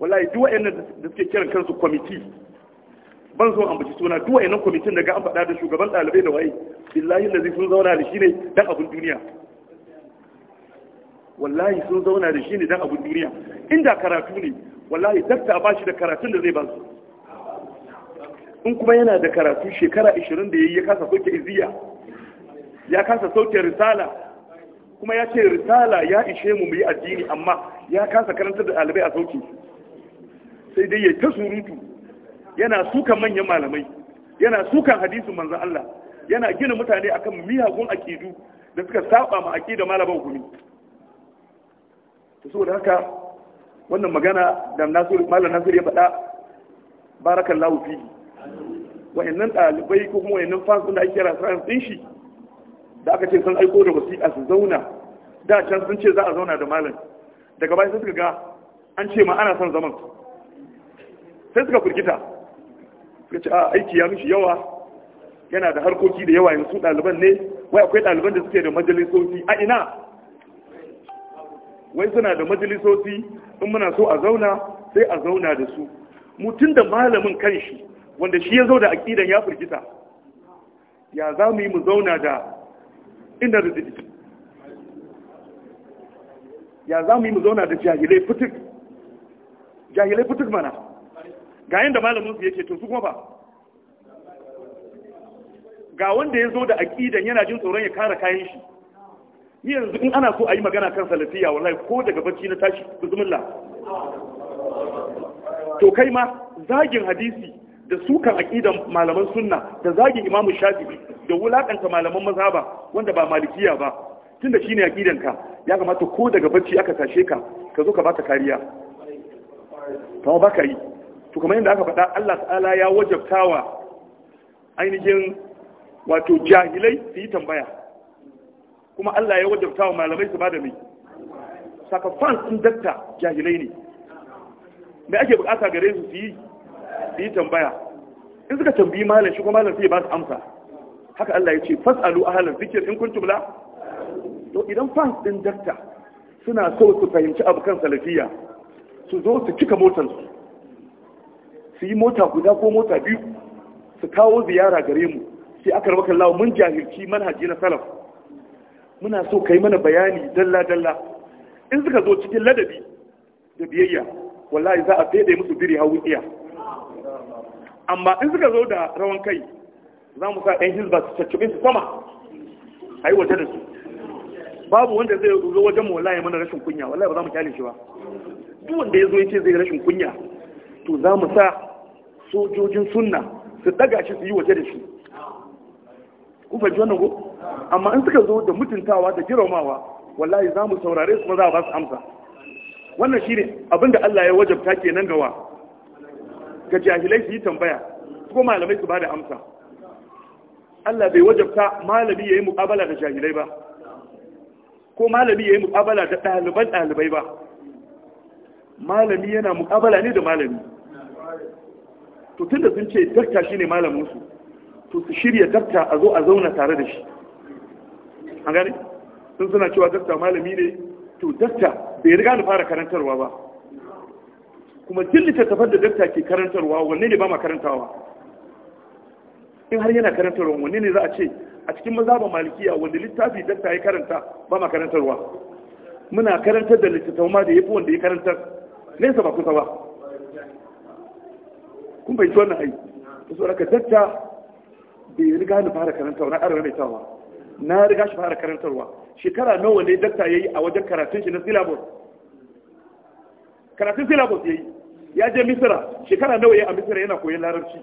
wallahi duk wayannan da suke kiran kansu kwamiti ban so ambaci suna duk wayannan kwamitin daga an faɗa da shugaban ɗalibai da waye billahi lazi sun zauna da shi ne dan abun duniya wallahi sun zauna da shi ne dan abun duniya inda karatu ne wallahi dakta ba shi da karatun da zai ba su in kuma yana da karatu shekara 20 da yayi ya kasa sauke iziya ya kasa sauke risala kuma ya ce risala ya ishe mu mu yi addini amma ya kasa karantar da ɗalibai a sauki sai dai ya ta surutu yana sukan manyan malamai yana sukan hadisin manzan Allah yana gina mutane akan miyagun akidu da suka saba ma akida malaman gumi to saboda haka wannan magana da nasir malam nasir ya faɗa barakallahu fihi wa'annan ɗalibai ko kuma wa'annan fans da ake kira science din shi da aka ce san aiko da wasiƙa su zauna da can sun ce za a zauna da malam daga baya sai suka ga an ce ma ana son zaman sai suka firgita suka ce aiki ya mishi yawa yana da harkoki da yawa yanzu ɗaliban ne wai akwai ɗaliban da suke da majalisoci a ina wai suna da majalisoci in muna so a zauna sai a zauna da su mutum da malamin kan shi, wanda shi ya zo da aƙidan ya firgita ya za mu yi mu zauna da inda riziki ya za mu yi mu zauna da jahilai fitik jahilai fitik mana ga da malamin su yake to su kuma ba ga wanda ya zo da aƙidan yana jin tsoron ya kara kayan shi ni yanzu in ana so a yi magana kan salafiya wallahi ko daga bacci na tashi bismillah to kai ma zagin hadisi da sukan aqidan malaman sunna da zagin imamu shafi'i da wulakanta malaman mazhaba wanda ba malikiya ba tunda shine aqidan ka ya kamata ko daga bacci aka tashe ka ka zo ka bata kariya to ba ka yi to kamar yadda aka faɗa Allah ta'ala ya wajabtawa ainihin wato jahilai su yi tambaya kuma Allah ya wajabtawa malamai su bada mai Saka fans ɗin datta jahilai ne mai ake bukata gare su su yi tambaya in suka tambayi malam shi kuma malam sai ba su amsa haka Allah ya ce fas a ahlan zikr in kun tubla to idan fans ɗin datta suna so su fahimci abu kan salafiya su zo su cika motarsu su yi mota guda ko mota biyu su kawo ziyara gare mu sai aka raba kallawa mun jahilci manhaji na salaf muna so kai mana bayani dalla dalla in suka zo cikin ladabi da biyayya wallahi za a fede musu biri hawu iya amma in suka zo da rawan kai za mu sa ɗan hizba su caccabe su sama a yi wata da su babu wanda zai zo wajen mu wallahi mana rashin kunya wallahi ba za mu kyale shi ba duk wanda ya zo ya ce zai rashin kunya to za mu sa sojojin sunna su daga shi su yi waje da shi Kuma fahimci wannan ko amma in suka zo da mutuntawa da girmamawa wallahi za mu saurare su maza ba su amsa wannan shine abinda Allah ya wajabta ke nan gawa ga jahilai su yi tambaya ko malamai su ba da amsa Allah bai wajabta malami ya yi muƙabala da jahilai ba ko malami ya yi muƙabala da ɗaliban ɗalibai ba malami yana muƙabala ne da malami to tunda sun ce dakta shine malamin su to su shirya dakta a zo a zauna tare da shi an gane sun suna cewa dakta malami ne to dakta bai riga da fara karantarwa ba kuma duk littattafan da dakta ke karantarwa wanne ne ba ma karantawa in har yana karantarwa wanne ne za a ce a cikin mazhaban malikiya wanda littafi dakta ya karanta ba ma karantarwa muna karantar da littattafan ma da yafi wanda ya karantar nesa ba kusa ba kun bai na ai ta so daga datta bai riga ni fara karantarwa na mai tawa na riga shi fara karantarwa shekara nawa ne datta yayi a wajen karatun shi na syllabus karatun syllabus yayi ya je misira shekara nawa yayi a misira yana koyon larabci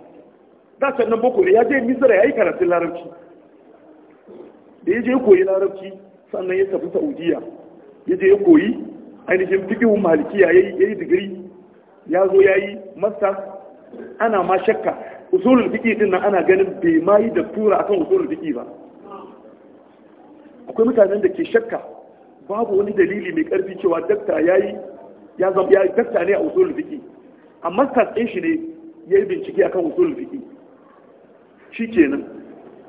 da can nan boko ne ya je misira yayi karatun larabci da ya je koyi larabci sannan ya tafi saudiya ya je ya koyi ainihin fikihun malikiya ya yi digiri ya zo ya yi masters ana ma shakka usulul fiqi din nan ana ganin bai ma yi da tura akan usulul fiqi ba akwai mutanen da ke shakka babu wani dalili mai karfi cewa dakta yayi ya zama ya dakta ne a usulul fiqi amma tsatsin shi ne yayi bincike akan usulul fiqi shikenan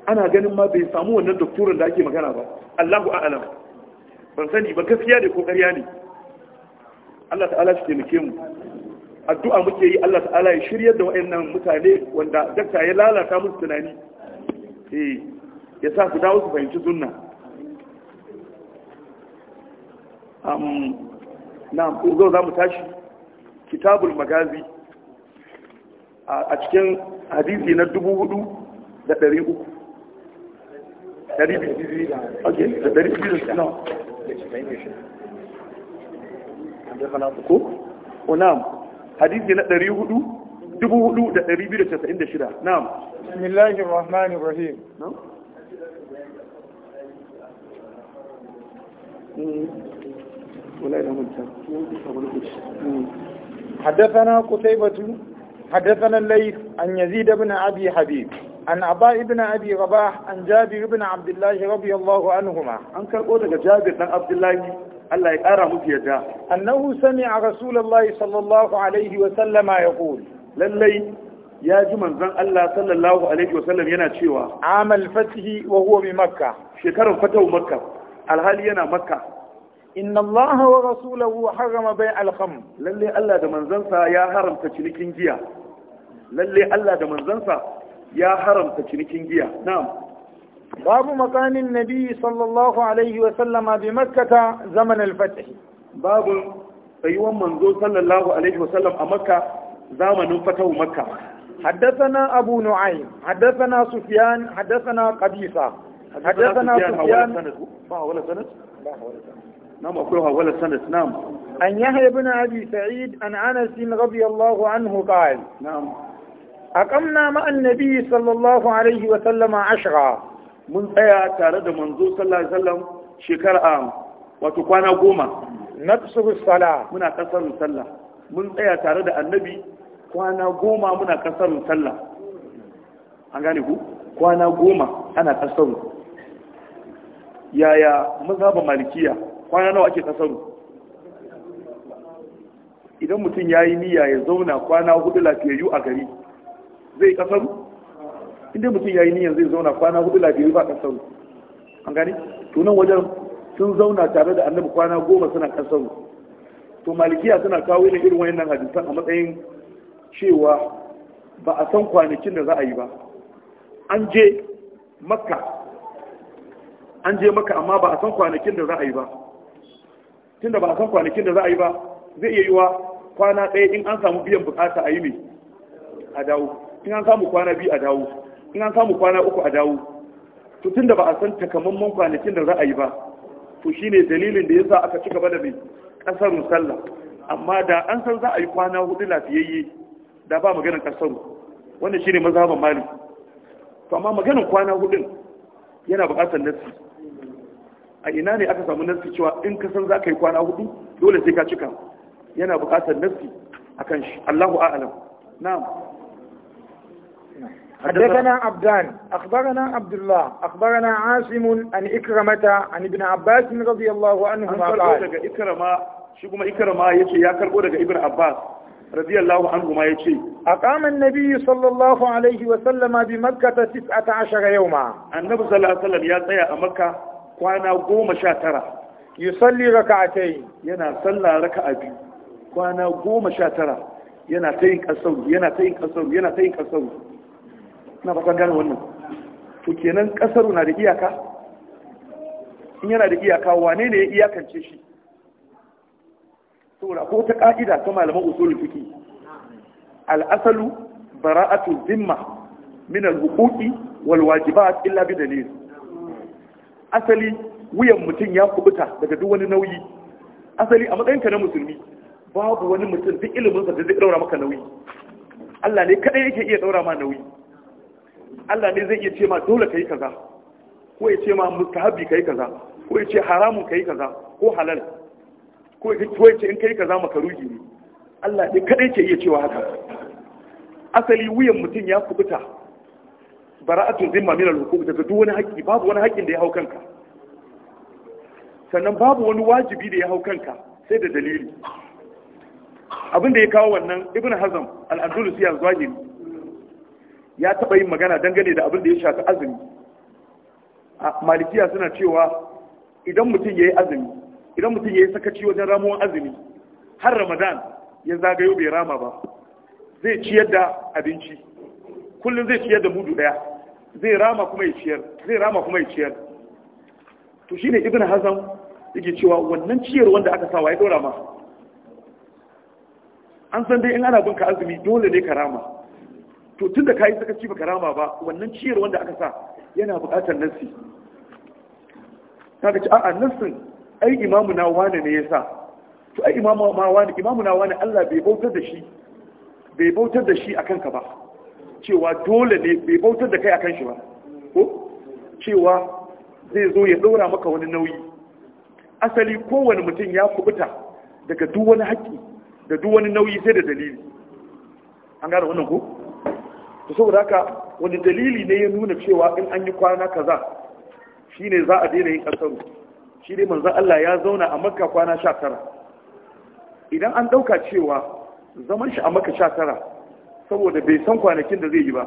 ana ganin ma bai samu wannan doktoran da ake magana ba Allahu a'lam ban sani ba gaskiya ne ko ƙarya ne Allah ta'ala shi ke mu addu'a muke yi Allah ta'ala ya shiryar da wayannan mutane wanda dakta ya lalata musu tunani eh ya sa su dawo su fahimci sunna am na ugo za mu tashi kitabul magazi a cikin hadisi na 4300 okay hadisi na 4,296 na'am bismillahir rahmanir rahim حدثنا قتيبة حدثنا الليث عن يزيد بن أبي حبيب عن عطاء بن أبي رباح عن جابر بن عبد الله رضي الله عنهما عن كالقودة جابر بن عبد الله Allah ya ƙara musu yadda annahu sami'a rasulullahi sallallahu alaihi wa sallama yaqul lallai ya ji manzan Allah sallallahu alaihi wa sallam yana cewa amal fatihi wa huwa bi makka shekarar fatau makka alhali yana makka inna Allah wa rasuluhu harama bai alkham lallai Allah da manzansa ya haramta cinikin giya lallai Allah da manzansa ya haramta cinikin giya na'am باب مكان النبي صلى الله عليه وسلم بمكة زمن الفتح باب أيوة منذ صلى الله عليه وسلم أمكة زمن فتح مكة حدثنا أبو نعيم حدثنا سفيان حدثنا قبيصة حدثنا سفيان ولا سند ولا نعم أقولها ولا سند نعم أن نعم. يحيى بن أبي سعيد أن أنس رضي الله عنه قال نعم أقمنا مع النبي صلى الله عليه وسلم عشرة mun tsaya tare da manzo sallallahu alaihi wasallam shekara a ah, wato kwana goma na tsuru sala muna kasar sallah mun tsaya tare da annabi kwana goma muna kasar sallah an gane ku kwana goma ana kasar yaya mazhaba malikiya kwana nawa ake kasar idan mutum ya yi niyya ya zauna kwana hudu lafiyayyu a gari zai kasar inda mutum ya yi niyan zai zauna kwana hudu labiru ba kasaru an gani tunan wajen sun zauna tare da annabi kwana goma suna kasaru to malikiya suna kawo ne irin wayannan hadisan a matsayin cewa ba a san kwanakin da za a yi ba an je makka an je makka amma ba a san kwanakin da za a yi ba tunda ba a san kwanakin da za a yi ba zai iya yiwa kwana ɗaya in an samu biyan bukata a yi mai a dawo in an samu kwana biyu a dawo in an samu kwana uku a dawo to tun da ba a san takamaiman kwanakin da za a yi ba to shine dalilin da yasa aka ci gaba da mai kasarun sallah amma da an san za a yi kwana hudu lafiyayye da ba maganar mu, wannan shine mazhaban malik to amma maganar kwana hudu yana buƙatar nasi a ina ne aka samu nasi cewa in ka san za ka yi kwana hudu dole sai ka cika yana buƙatar nasi akan shi Allahu a'lam na'am حدثنا عبدان أخبرنا عبد الله أخبرنا عاصم عن إكرمة عن ابن عباس رضي الله عنهما قال إكرمة شو إكرمة يجي يا كربودك ابن عباس رضي الله عنهما يجي أقام النبي صلى الله عليه وسلم بمكة تسعة عشر يوما النبي صلى الله عليه وسلم يا تيا مكة وأنا قوم شاترة يصلي ركعتين ينا صلى ركعة بي وأنا قوم شاترة ينا تين كسور ينا تين كسور ينا تين كسور na bakon gane wannan to kenan kasaru na da iyaka in yana da iyaka wane ne ya iyakance shi saboda ko ta ka'ida ta malaman usulul fiqi al-asalu bara'atu zimma min al-huquqi wal wajibat illa bi dalil asali wuyan mutum ya kubuta daga duk wani nauyi asali a matsayinka na musulmi babu wani mutum duk ilimin sa da zai daura maka nauyi Allah ne kadai yake iya daura ma nauyi Allah ne zai iya ce ma dole ka yi kaza ko ya ce ma mustahabi ka yi kaza ko ya ce haramun ka yi kaza ko halal ko ya ce in ka yi kaza makaruhi ne Allah ne kadai ke iya cewa haka asali wuyan mutum ya kubuta bara'atun zimma min al-hukum daga duk wani haƙƙi babu wani haƙƙin da ya hau kanka sannan babu wani wajibi da ya hau kanka sai da dalili abin da ya kawo wannan ibn hazm al-andalusi al-zahiri ya taba yin magana dangane da abin da ya shafi azumi malikiya suna cewa idan mutum ya yi azumi idan mutum ya yi sakaci wajen ramuwan azumi har ramadan ya zagayo bai rama ba zai ciyar da abinci kullum zai ciyar da mudu ɗaya zai rama kuma ya ciyar zai rama kuma ya ciyar to shine ibn hazan yake cewa wannan ciyar wanda aka sawa ya ɗora ma an san dai in ana bin azumi dole ne ka rama to tun da kayi saka ci baka rama ba wannan ciyar wanda aka sa yana buƙatar nassi kaga ci a'a nassin ai imamu na wani ne yasa to ai imamu ma wani imamu na wani Allah bai bautar da shi bai bautar da shi akan ka ba cewa dole ne bai bautar da kai akan shi ba ko cewa zai zo ya daura maka wani nauyi asali kowane mutum ya kubuta daga duk wani haƙƙi da duk wani nauyi sai da dalili an gane wannan ko to saboda haka wani dalili ne ya nuna cewa in an yi kwana kaza shine za a daina yin kasaru shi ne manzan Allah ya zauna a makka kwana sha tara idan an ɗauka cewa zaman shi a makka sha tara saboda bai san kwanakin da zai yi ba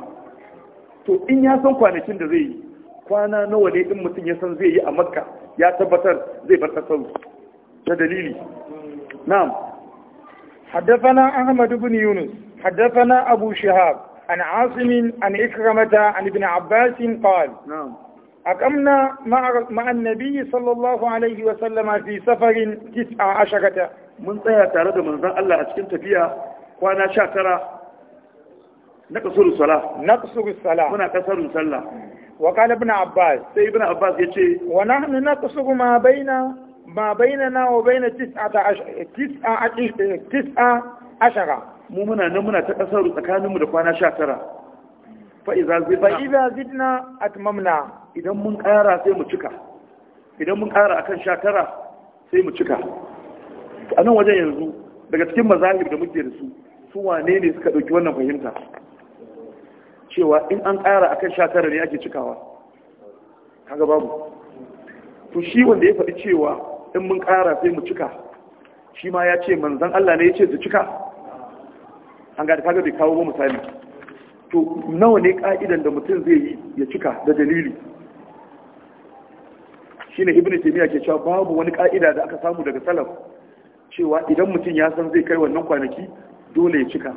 to in ya san kwanakin da zai yi kwana nawa ne in mutum ya san zai yi a makka ya tabbatar zai bar kasaru ta dalili na'am حدثنا أحمد بن يونس حدثنا أبو شهاب عن عاصم عن إكرمة عن ابن عباس قال نعم أقمنا مع, مع النبي صلى الله عليه وسلم في سفر تسع عشرة من طيها تارد من ذا الله أتكنت فيها وأنا شاكرة نقصر الصلاة نقصر الصلاة هنا كسر الصلاة وقال ابن عباس سي ابن عباس يجي ونحن نقصر ما بين ما بيننا وبين تسعة عشرة تسعة عشرة mu muna nan muna ta kasar tsakaninmu da kwana sha tara fa'iza zidna tumamna idan mun ƙara sai mu cika idan mun ƙara akan sha tara sai mu cika a nan wajen yanzu daga cikin mazahir da muke da su su wane ne suka ɗauki wannan fahimta cewa in an ƙara akan sha tara ne ake cikawa kaga babu to shi wanda ya faɗi cewa in mun ƙara sai mu cika shi ma ya ce manzan Allah ne ya ce su cika an gada ga bai kawo misali to nawa ne ka'idan da mutum zai yi ya cika da dalili Shi ne ibn taymiya ke cewa babu wani ka'ida da aka samu daga salaf cewa idan mutum ya san zai kai wannan kwanaki dole ya cika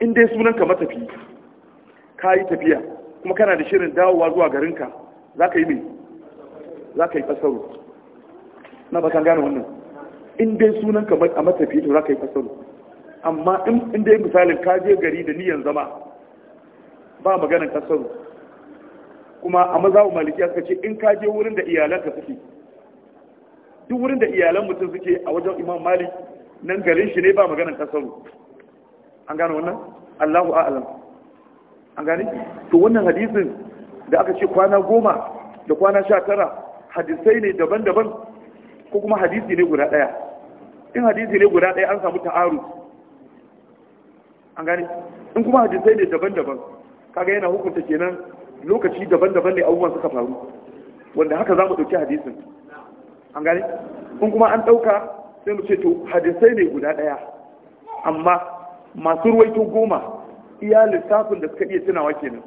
in dai sunan ka matafi ka yi tafiya kuma kana da shirin dawowa zuwa garinka za ka yi mai za ka yi fasaro na ba gane wannan in dai sunan ka a matafi to za ka yi fasaro amma in dai misalin ka je gari da niyan zama ba maganin kasaru kuma a mazawu maliki suka ce in ka je wurin da iyalanka suke duk wurin da iyalan mutum suke a wajen imam malik nan garin shi ne ba maganin kasaru an gano wannan allahu a'alam an gane to wannan hadisin da aka ce kwana goma da kwana sha tara hadisai ne daban-daban ko kuma hadisi ne guda ɗaya in hadisi ne guda ɗaya an samu ta'aru an gane in kuma hadisai ne daban-daban kaga yana hukunta kenan lokaci daban-daban ne abubuwan suka faru wanda haka za mu ɗauki hadisin an gane in kuma an ɗauka sai mu ce to hadisai ne guda ɗaya amma masu ruwaito goma iya lissafin da suka iya tunawa kenan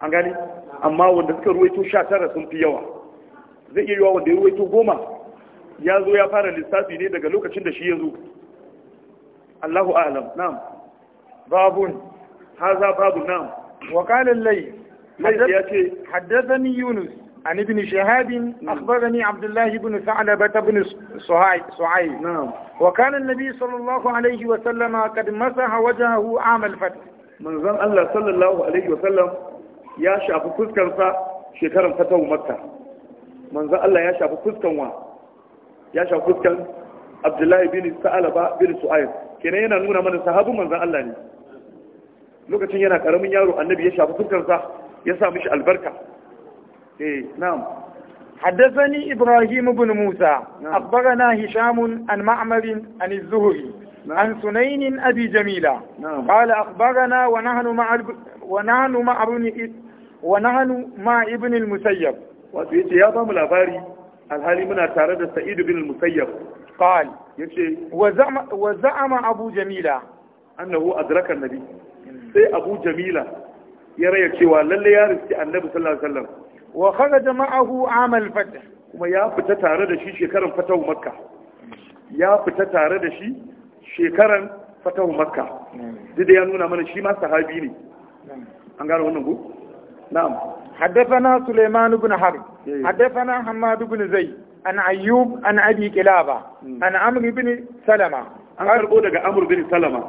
an gane amma wanda suka ruwaito sha tara sun fi yawa zai iya yiwa wanda ya ruwaito goma ya zo ya fara lissafi ne daga lokacin da shi yanzu? Allahu a'lam na'am babun haza babun na'am wa qala al-layth حدثني يونس عن ابن شهاب أخبرني عبد الله بن ثعلبة بن صعيب نعم وكان النبي صلى الله عليه وسلم قد مسح وجهه عام الفتح من ظن الله صلى الله عليه وسلم يا شاف كسكنسا شكرا فتو مكة من ظن الله يا شاف كسكن يا شاف كسكن عبد الله بن ثعلبة بن صعيب kenan yana nuna mana sahabu manzan Allah ne lokacin yana karamin yaro annabi ya shafi fuskarsa ya sa mishi albarka eh na'am haddathani ibrahim ibn musa akhbarana hisham an ma'mar an az-zuhri an sunayn abi jamila qala akhbarana wa nahnu ma'a wa nahnu ma'a ibn wa nahnu ma'a ibn al-musayyab wa yace ya bamu labari alhali muna tare da Sa'idu bin al-musayyab قال يتي وزعم وزعم ابو جميله انه النبي sai abu jamila ya raya cewa lalle ya riski annabi sallallahu alaihi wasallam wa kharaja ma'ahu amal fath kuma ya fita tare da shi shekaran fatahu makka ya fita tare da shi shekaran fatahu makka duk da ya nuna mana shi ma sahabi ne an gano wannan na'am حدثنا سليمان بن حرب حدثنا حماد بن زيد an ayyub an abi kilaba an amr ibn salama an karbo daga amr ibn salama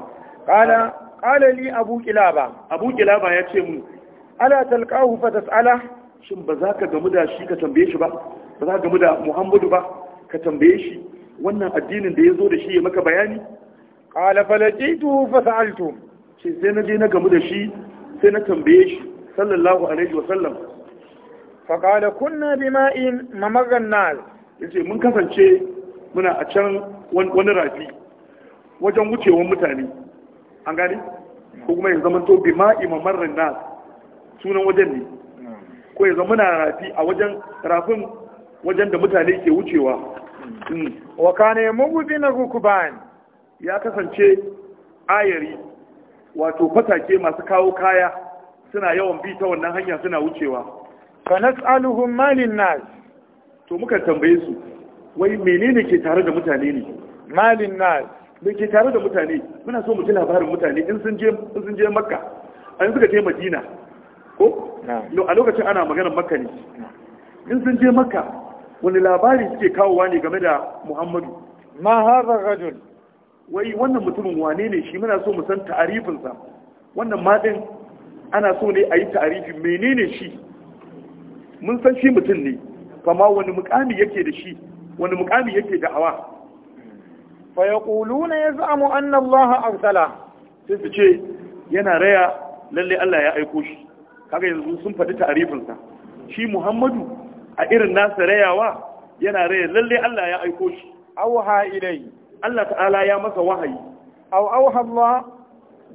qala qala li abu kilaba abu kilaba ya ce mu ala talqahu fa tas'ala shin ba za ka gamu da shi ka tambaye shi ba ba za ka gamu da muhammadu ba ka tambaye shi wannan addinin da ya zo da shi ya maka bayani qala falaqitu fa sa'altu shi sai na je na gamu da shi sai na tambaye shi sallallahu alaihi wa sallam فقال كنا بماء ممر النار yace mun kasance muna a can wani rafi wajen wucewan mutane an gani ko kuma ya zama to bi imamar mamarrin nas sunan wajen ne ko ya muna rafi a wajen rafin wajen da mutane ke wucewa hmm. wa kana mughzi na rukuban ya kasance ayari wato fatake masu kawo kaya suna yawan bi ta wannan hanya suna wucewa fa nas'aluhum malin nas to muka tambaye su wai menene ke tare da mutane ne malin nas da ke tare da mutane muna so mu ji labarin mutane in sun je in sun je makka an suka je madina ko a lokacin ana maganar makka ne in sun je makka wani labari suke kawowa ne game da muhammadu ma hadha rajul wai wannan mutumin wane ne shi muna so mu san ta'arifin sa wannan ma din ana so ne a yi ta'arifi menene shi mun san shi mutum ne kama wani mukami yake da shi wani mukami yake da awa? fa yaquluna yaz'amu anna Allah arsala sai su ce yana raya lalle Allah ya aiko shi kaga yanzu sun faɗi ta'arifinsa. sa shi Muhammadu a irin nasa rayawa yana raya lalle Allah ya aiko shi Auha ilai Allah ta'ala ya masa wahayi Au awha Allah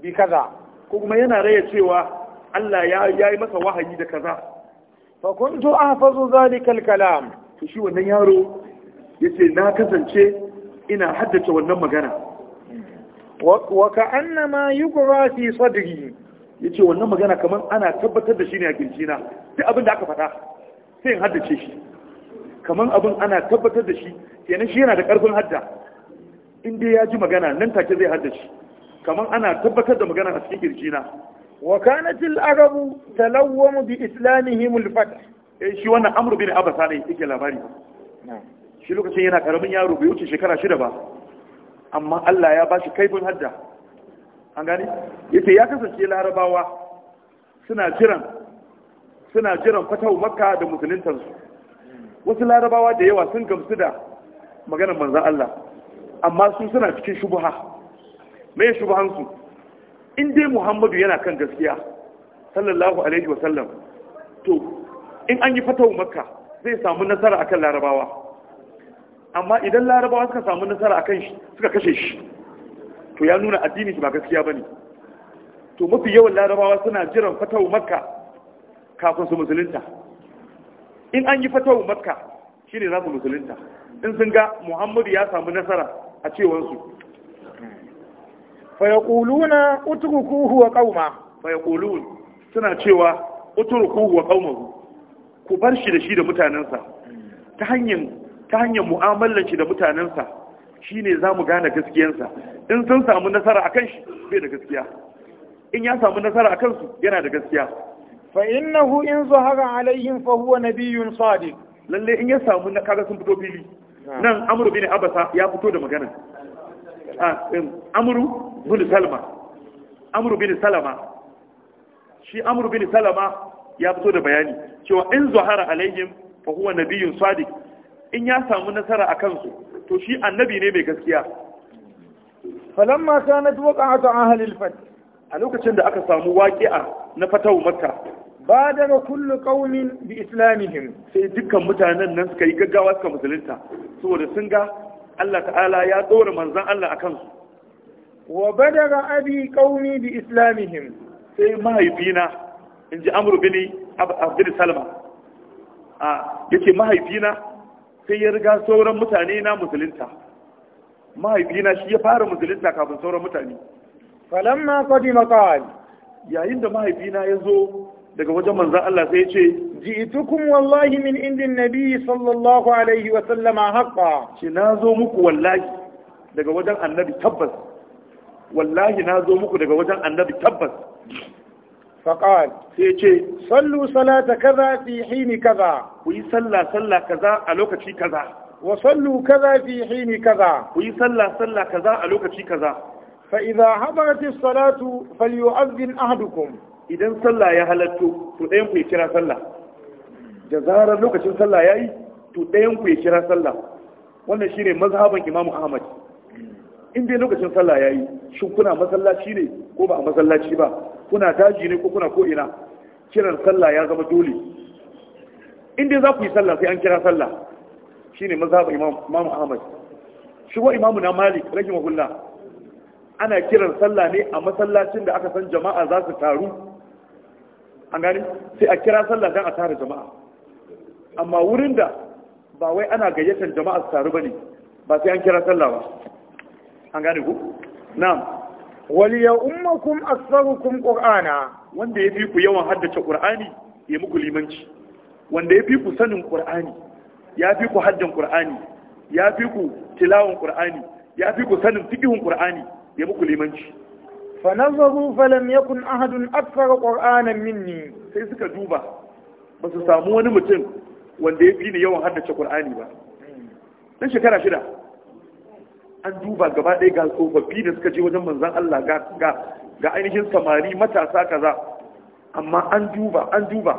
bi kaza kuma yana raya cewa Allah ya yi masa wahayi da kaza fa kuntu ahfazu zalika al-kalam shi wannan yaro Ya ce na kasance ina haddace wannan magana wa ka'annama yughra fi Ya ce wannan magana kaman ana tabbatar da shi ne a kirjina duk abin da aka faɗa sai in haddace shi kaman abin ana tabbatar da shi kenan shi yana da ƙarfin hadda in dai ya ji magana nan take zai haddace kaman ana tabbatar da magana a cikin kirjina وكانت العرب تلوم بإسلامهم الفتح shi wannan عمرو بن abasa ne yake labari shi lokacin yana karamin yaro bai wuce shekara shida ba amma Allah ya bashi kaifin hadda an gani yace ya kasance larabawa suna jiran suna jiran fatahu makka da musuluntansu wasu larabawa da yawa sun gamsu da maganar manzon Allah amma su suna cikin shubuha me su in dai muhammadu yana kan gaskiya sallallahu alaihi wasallam to in an yi fatawu makka zai samu nasara akan larabawa amma idan larabawa suka samu nasara akan shi suka kashe shi to ya nuna addini shi ba gaskiya bane to mafi yawan larabawa suna jiran fatawu makka kafin su musulunta in an yi fatawu makka shine za su musulunta in sun ga muhammadu ya samu nasara a cewansu fa yaquluna utrukuhu wa qauma fa suna cewa utrukuhu wa ƙauma ku bar shi da shi da mutanensa ta hanyar ta hanyar shi da mutanensa shine zamu gane gaskiyansa in sun samu nasara akan shi bai da gaskiya in ya samu nasara akan su yana da gaskiya fa innahu in zahara alaihim fa huwa nabiyyun sadiq lalle in ya samu na kaga sun fito fili nan amru bin abasa ya fito da magana amru bin salama, amru bin salama shi amru bin salama ya fito da bayani cewa in zuhara alaihim fa huwa nabiyyun sadiq in ya samu nasara a kansu to shi annabi ne mai gaskiya falamma kanat waqa'atu ahli al-fath a lokacin da aka samu waqi'a na fatawu makka badara kullu qaumin bi islamihim sai dukkan mutanen nan suka yi gaggawa suka musulunta saboda sun ga Allah ta'ala ya tsora manzan Allah a kansu wa badaga abi qaumi bi islamihim sai mahaifina inji amru bin abdul salma a yace mahaifina sai ya riga sauran mutane na musulunta mahaifina shi ya fara musulunta kafin sauran mutane falamma qadima qal yayin da mahaifina ya zo daga wajen manzan Allah sai ya ce ji'tukum wallahi min indin nabi sallallahu alaihi wa sallama haqqa shi nazo muku wallahi daga wajen annabi tabbas wallahi nazo muku daga wajen annabi tabbas فقال سيجي صلوا sallah كذا في حين كذا ويصلى صلى كذا ألوك شي كذا وصلوا كذا في حين كذا ويصلى صلى كذا ألوك شي كذا فإذا حضرت الصلاة فليؤذن أحدكم إذا صلى يا هلتو فإن في kira صلى da zarar lokacin sallah ya yi, to ɗayan ku ya kira sallah wannan shi ne mazhaban Imam Ahmad in dai lokacin sallah ya yi, shi kuna masallaci ne ko ba a masallaci ba kuna daji ne ko kuna ko ina kiran sallah ya zama dole in dai za ku yi sallah sai an kira sallah Shi ne mazhaban Imam Ahmad shi wa Imam na Malik rahimahullah ana kiran sallah ne a masallacin da aka san jama'a za su taru an gani sai a kira sallah dan a tara jama'a amma wurin da ba wai ana gayyatar jama'a su taru bane ba sai an kira sallah ba an gane ku na'am wal ya ummakum aktharukum qur'ana wanda yafi ku yawan haddace qur'ani ya muku limanci wanda yafi ku sanin qur'ani yafi ku haddan qur'ani yafi ku tilawon qur'ani yafi ku sanin fiqhun qur'ani ya muku limanci fa nazaru falam yakun ahadun akthara qur'anan minni sai suka duba ba su samu wani mutum wanda ya fi ni yawan haddace Qur'ani ba dan shekara shida an duba gaba ɗaya ga tsofaffi da suka je wajen manzon Allah ga ainihin samari matasa kaza amma an duba an duba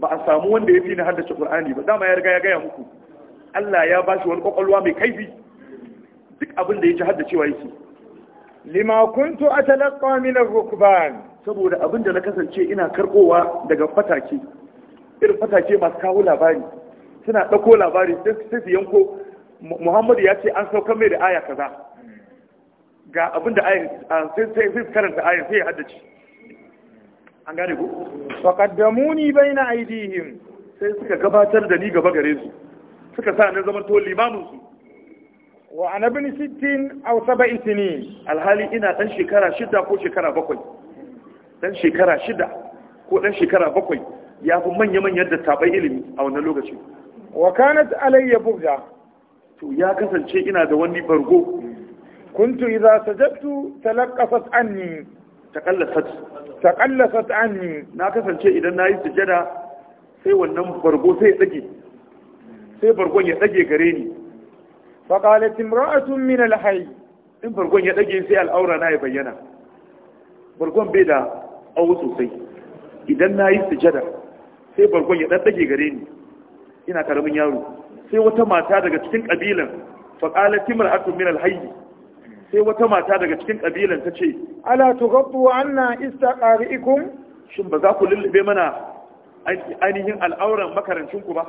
ba a samu wanda ya fi ni haddace Qur'ani ba dama ya riga ya gaya muku Allah ya ba shi wani kwakwalwa mai kaifi duk abin da ya ci. haddacewa yake lima kuntu atalaqqa min ar-rukban saboda abin da na kasance ina karkowa daga fatake irin fatake masu kawo labari suna ɗauko labari sai su yanko muhammadu ya ce an saukan mai da aya kaza ga abin da sai su karanta ayar sai ya haddace an gane ku wa bai na aidihim sai suka gabatar da ni gaba gare su suka sa na zama to limamin su wa ana bin sittin aw sab'i sinin alhali ina dan shekara shida ko shekara bakwai dan shekara shida ko dan shekara bakwai ya fi manya-manyan dattabai ilimi a wannan lokaci wa kanat alayya bugda to ya kasance ina da wani bargo kuntu idza sajadtu talaqqasat anni taqallasat taqallasat anni na kasance idan nayi sujada sai wannan bargo sai ya dage sai bargon ya dage gare ni fa qalat imra'atun min al-hayy in bargon ya dage sai al'aura na ya bayyana bargon bai da awu sosai idan nayi sujada sai bargon ya ɗanɗage gare ni ina karamin yaro sai wata mata daga cikin ƙabilan faƙalar timar timra'atu min sai wata mata daga cikin ƙabilan ta ce ala tughaddu anna istaqari'ikum shin ba za ku lullube mana ainihin al'auran makarancinku ba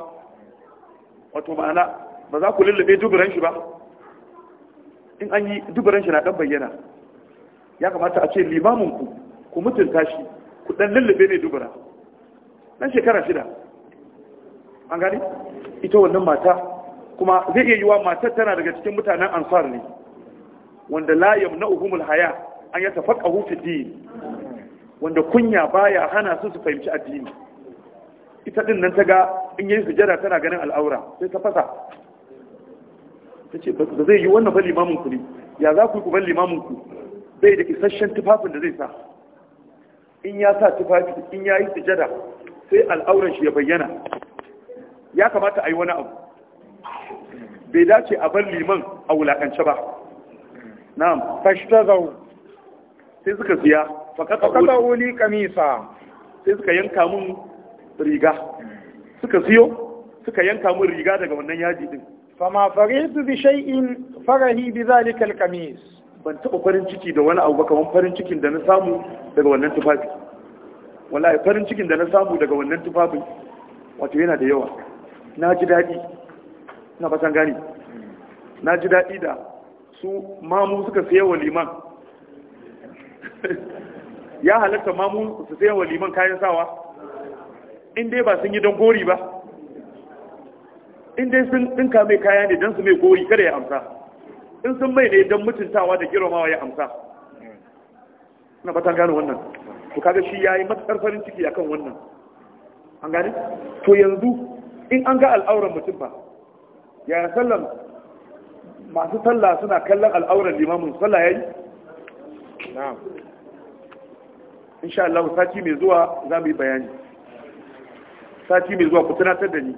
wato ma'ana ba za ku lullube duburanshi shi ba in an yi duburanshi shi na dan bayyana ya kamata a ce limamin ku ku mutunta shi ku ɗan lullube ne dubura nan shekara shida an gani ita wannan mata kuma zai iya yiwa matar tana daga cikin mutanen ansar ne wanda la uhumul haya an yata tafaqahu hufi din wanda kunya baya hana su su fahimci addini ita din nan ta ga in yi sujada tana ganin al'aura sai ta fasa ta ce ba zai yi wannan ba limamin ku ne ya za ku yi kuban limamin bai da isasshen tufafin da zai sa in ya sa tufafi in ya yi sujada sai al'auran shi ya bayyana ya kamata a yi wani abu bai dace a bar liman a wulakance ba na'am fashtazau sai suka siya fakata wuli kamisa sai suka yanka mun riga suka siyo suka yanka mun riga daga wannan yaji din fama faritu bi shay'in farahi bi zalika al-qamis ban taba farin ciki da wani abu ba kaman farin cikin da na samu daga wannan tufafi wallahi farin cikin da na samu daga wannan tufafin wato yana da yawa na ji daɗi na fasan gani na ji daɗi da su mamu suka saye wa liman ya halatta mamu su saye wa liman kayan sawa in dai ba sun yi don gori ba in dai sun ɗinka mai kaya ne don su mai gori kada ya amsa in sun mai ne don mutuntawa da girmawa ya amsa na batan gano wannan to kaga shi yayi matsar farin ciki akan wannan an gane to yanzu in an ga al'auran mutum ba ya sallam masu sallah suna kallon al'auran limamin sallah yayi na'am insha Allah sati mai zuwa za mu yi bayani sati mai zuwa ku tunatar da ni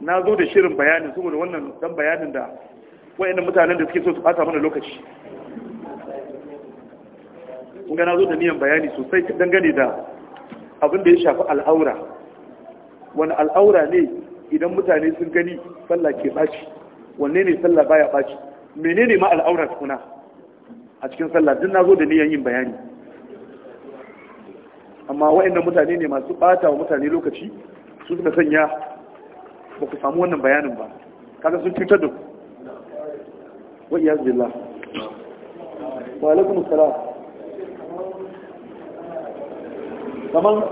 na zo da shirin bayanin saboda wannan dan bayanin da wayannan mutanen da suke so su fata mana lokaci ga na zo da niyan bayani sosai dangane da abin da ya shafi al'aura wani al'aura ne idan mutane sun gani sallah ke ɓaci wanne ne sallah baya ɓaci menene ma al'aura tukuna a cikin sallah din na zo da niyan yin bayani amma waɗannan mutane ne masu ɓata wa mutane lokaci su suka sanya ba ku samu wannan bayanin ba kaga sun cutar da ku wa iyaz billah wa alaikum assalam kaman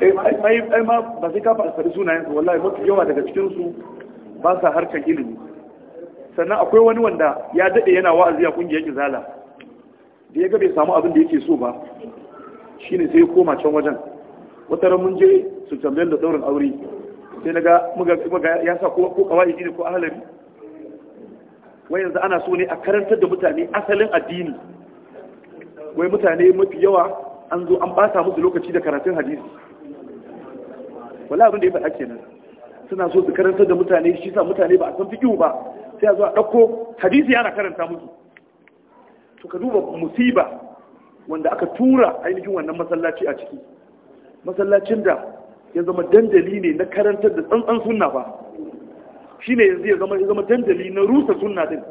eh, ai ma ba sai ka faɗi sunayen su wallahi mafi yawa daga cikinsu ba sa harkar ilimi sannan akwai wani wanda ya daɗe yana wa'azi a ƙungiyar izala da ya ga bai samu abin da yake so ba shine sai ya koma can wajen wata ran mun je su tambayar da ɗaurin aure sai na ga ya sa ko kawai ne ko ahalari wai yanzu ana so ne a karantar da mutane asalin addini wai mutane mafi yawa an zo an bata musu lokaci da karatun hadisi wala abin da ya faɗa kenan suna so su karantar da mutane shi sa mutane ba a san fikihu ba sai a zo a ɗauko hadisi yana karanta musu to ka duba musiba wanda aka tura ainihin wannan masallaci a ciki masallacin da ya zama dandali ne na karantar da tsantsan suna ba shi ne yanzu ya zama dandali na rusa suna din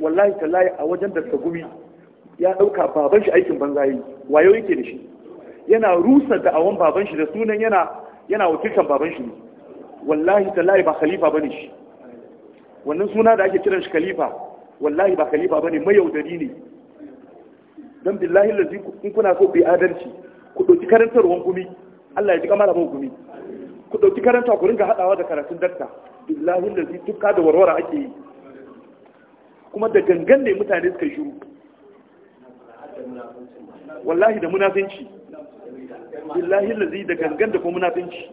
wallahi tallahi a wajen da gumi ya ɗauka baban shi aikin banza yi wayo yake da shi yana rusa da'awan baban shi da sunan yana yana wakiltar baban shi ne wallahi tallahi ba khalifa bane shi wannan suna da ake kiran shi khalifa wallahi ba khalifa bane mayaudari ne don billahi lazi in kuna so bi adalci ku ɗauki karantarwar gumi Allah ya ji kamar abin gumi ku ɗauki karanta ku ringa haɗawa da karatun dakta billahi lazi dukka da warwara ake yi kuma da gangan ne mutane suka shiru wallahi da munafinci billahi lazi da gangan da kuma munafinci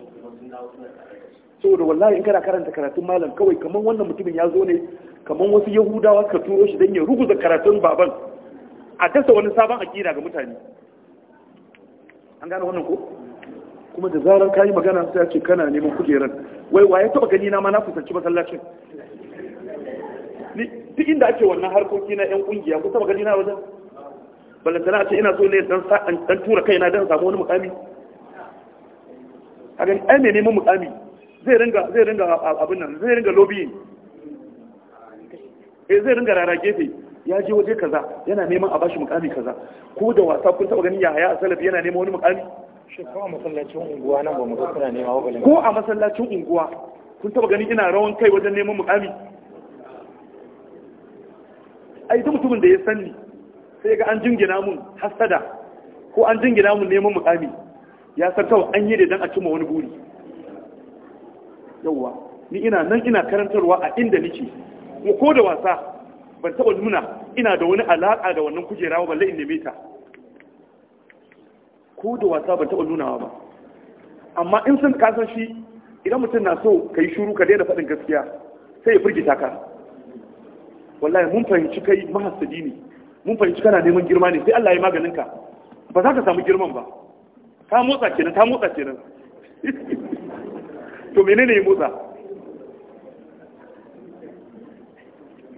saboda wallahi in kana karanta karatun malam kawai kamar wannan mutumin ya zo ne kamar wasu yahudawa ka turo shi don ya ruguza karatun baban a dasa wani sabon akida ga mutane an gane wannan ko kuma da zarar kayi magana sai ce kana neman kujeran wai waye taba gani na ma na kusanci masallacin ni duk inda ake wannan harkoki na yan kungiya ko taba gani na wajen Balla a ce ina so ne dan dan tura kaina dan samu wani mukami a gani ai mai neman mukami zai ringa zai ringa abin nan zai ringa lobby eh zai ringa rara gefe ya je waje kaza yana neman a bashi mukami kaza ko da wasa kun taba ganin yahaya a salafi yana neman wani mukami ko a masallacin unguwa nan ba mu ga kuna nema ko a masallacin unguwa kun taba ganin ina rawan kai wajen neman mukami ai duk mutumin da ya sani sai ga an jingina mun hasada ko an jingina mun neman mukami ya san kawai an yi da dan a cimma wani buri yawwa ni ina nan ina karantarwa a inda nake ko da wasa ban taba nuna ina da wani alaƙa da wannan kujera ba balle in neme ta ko da wasa ban taba nunawa ba amma in sun kasan shi idan mutum na so ka yi shuru ka daina faɗin gaskiya sai ya firgita ka wallahi mun fahimci kai mahasadi ne mun fahimci kana neman girma ne sai Allah ya maganin ka ba za ka samu girman ba ka motsa kenan ka motsa kenan to menene ya motsa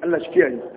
Allah shi kiyaye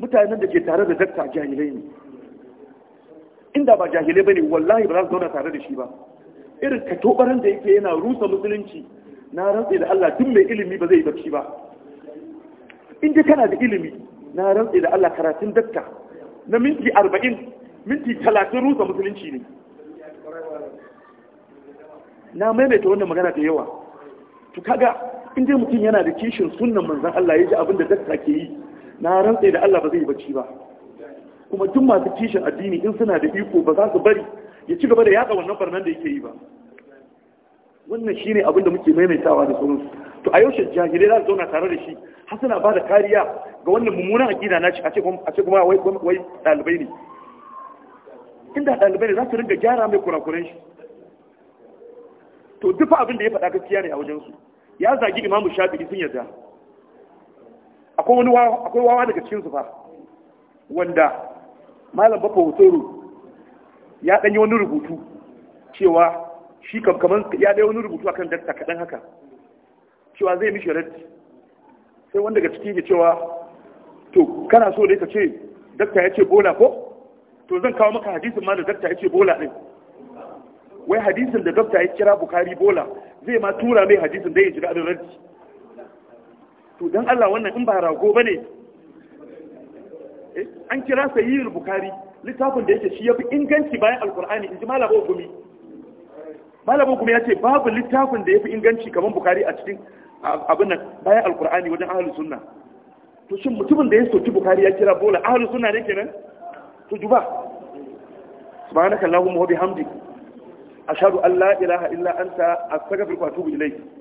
mutanen da ke tare da dakta jahilai ne inda ba jahilai ba ne, wallahi ba za su zauna tare da shi ba irin katobaran da yake yana rusa musulunci na rantse da Allah duk mai ilimi ba zai yi barci ba in dai kana da ilimi na rantse da Allah karatun dakta na minti arba'in minti talatin rusa musulunci ne na maimaita wannan magana da yawa to kaga in mutum yana da kishin sunan manzon Allah ya ji abin da dakta ke yi na rantse da Allah ba zai bacci ba kuma duk masu kishin addini in suna da iko ba za su bari ya ci gaba da yaɗa wannan farnan da yake yi ba wannan shi abin da muke maimaitawa da sauransu to a yaushe jahilai za su zauna tare da shi har suna ba da kariya ga wannan mummunan aƙida na shi a ce kuma wai ɗalibai ne inda ɗalibai ne za su ringa gyara mai kurakuren shi to duk abin da ya faɗa gaskiya ne a su. ya zagi imamu shafi'i sun yarda akwai wani wawa akwai wawa daga cikin su fa wanda malam bafa hotoro ya danyi wani rubutu cewa shi kaman ya dai wani rubutu akan dakta kadan haka cewa zai mishi raddi sai wanda daga ciki ke cewa to kana so dai ka ce dakta ya ce bola ko to zan kawo maka hadisin ma da dakta ya ce bola din wai hadisin da dakta ya kira bukari bola zai ma tura mai hadisin dai ya ji daɗin raddi to don Allah wannan in ba rago ba ne eh, an kira sayyid bukari littafin da yake shi ya fi inganci bayan alkur'ani in ji malaba gumi malabo gumi ya ce babu littafin da ya fi inganci kamar bukari a cikin abin nan bayan alkur'ani wajen ahalus sunna to shin mutumin da ya soki bukari ya kira bola ahalus sunna ne kenan to juba subhanaka allahumma wa bihamdika ashhadu an la ilaha illa anta astaghfiruka wa atubu ilayk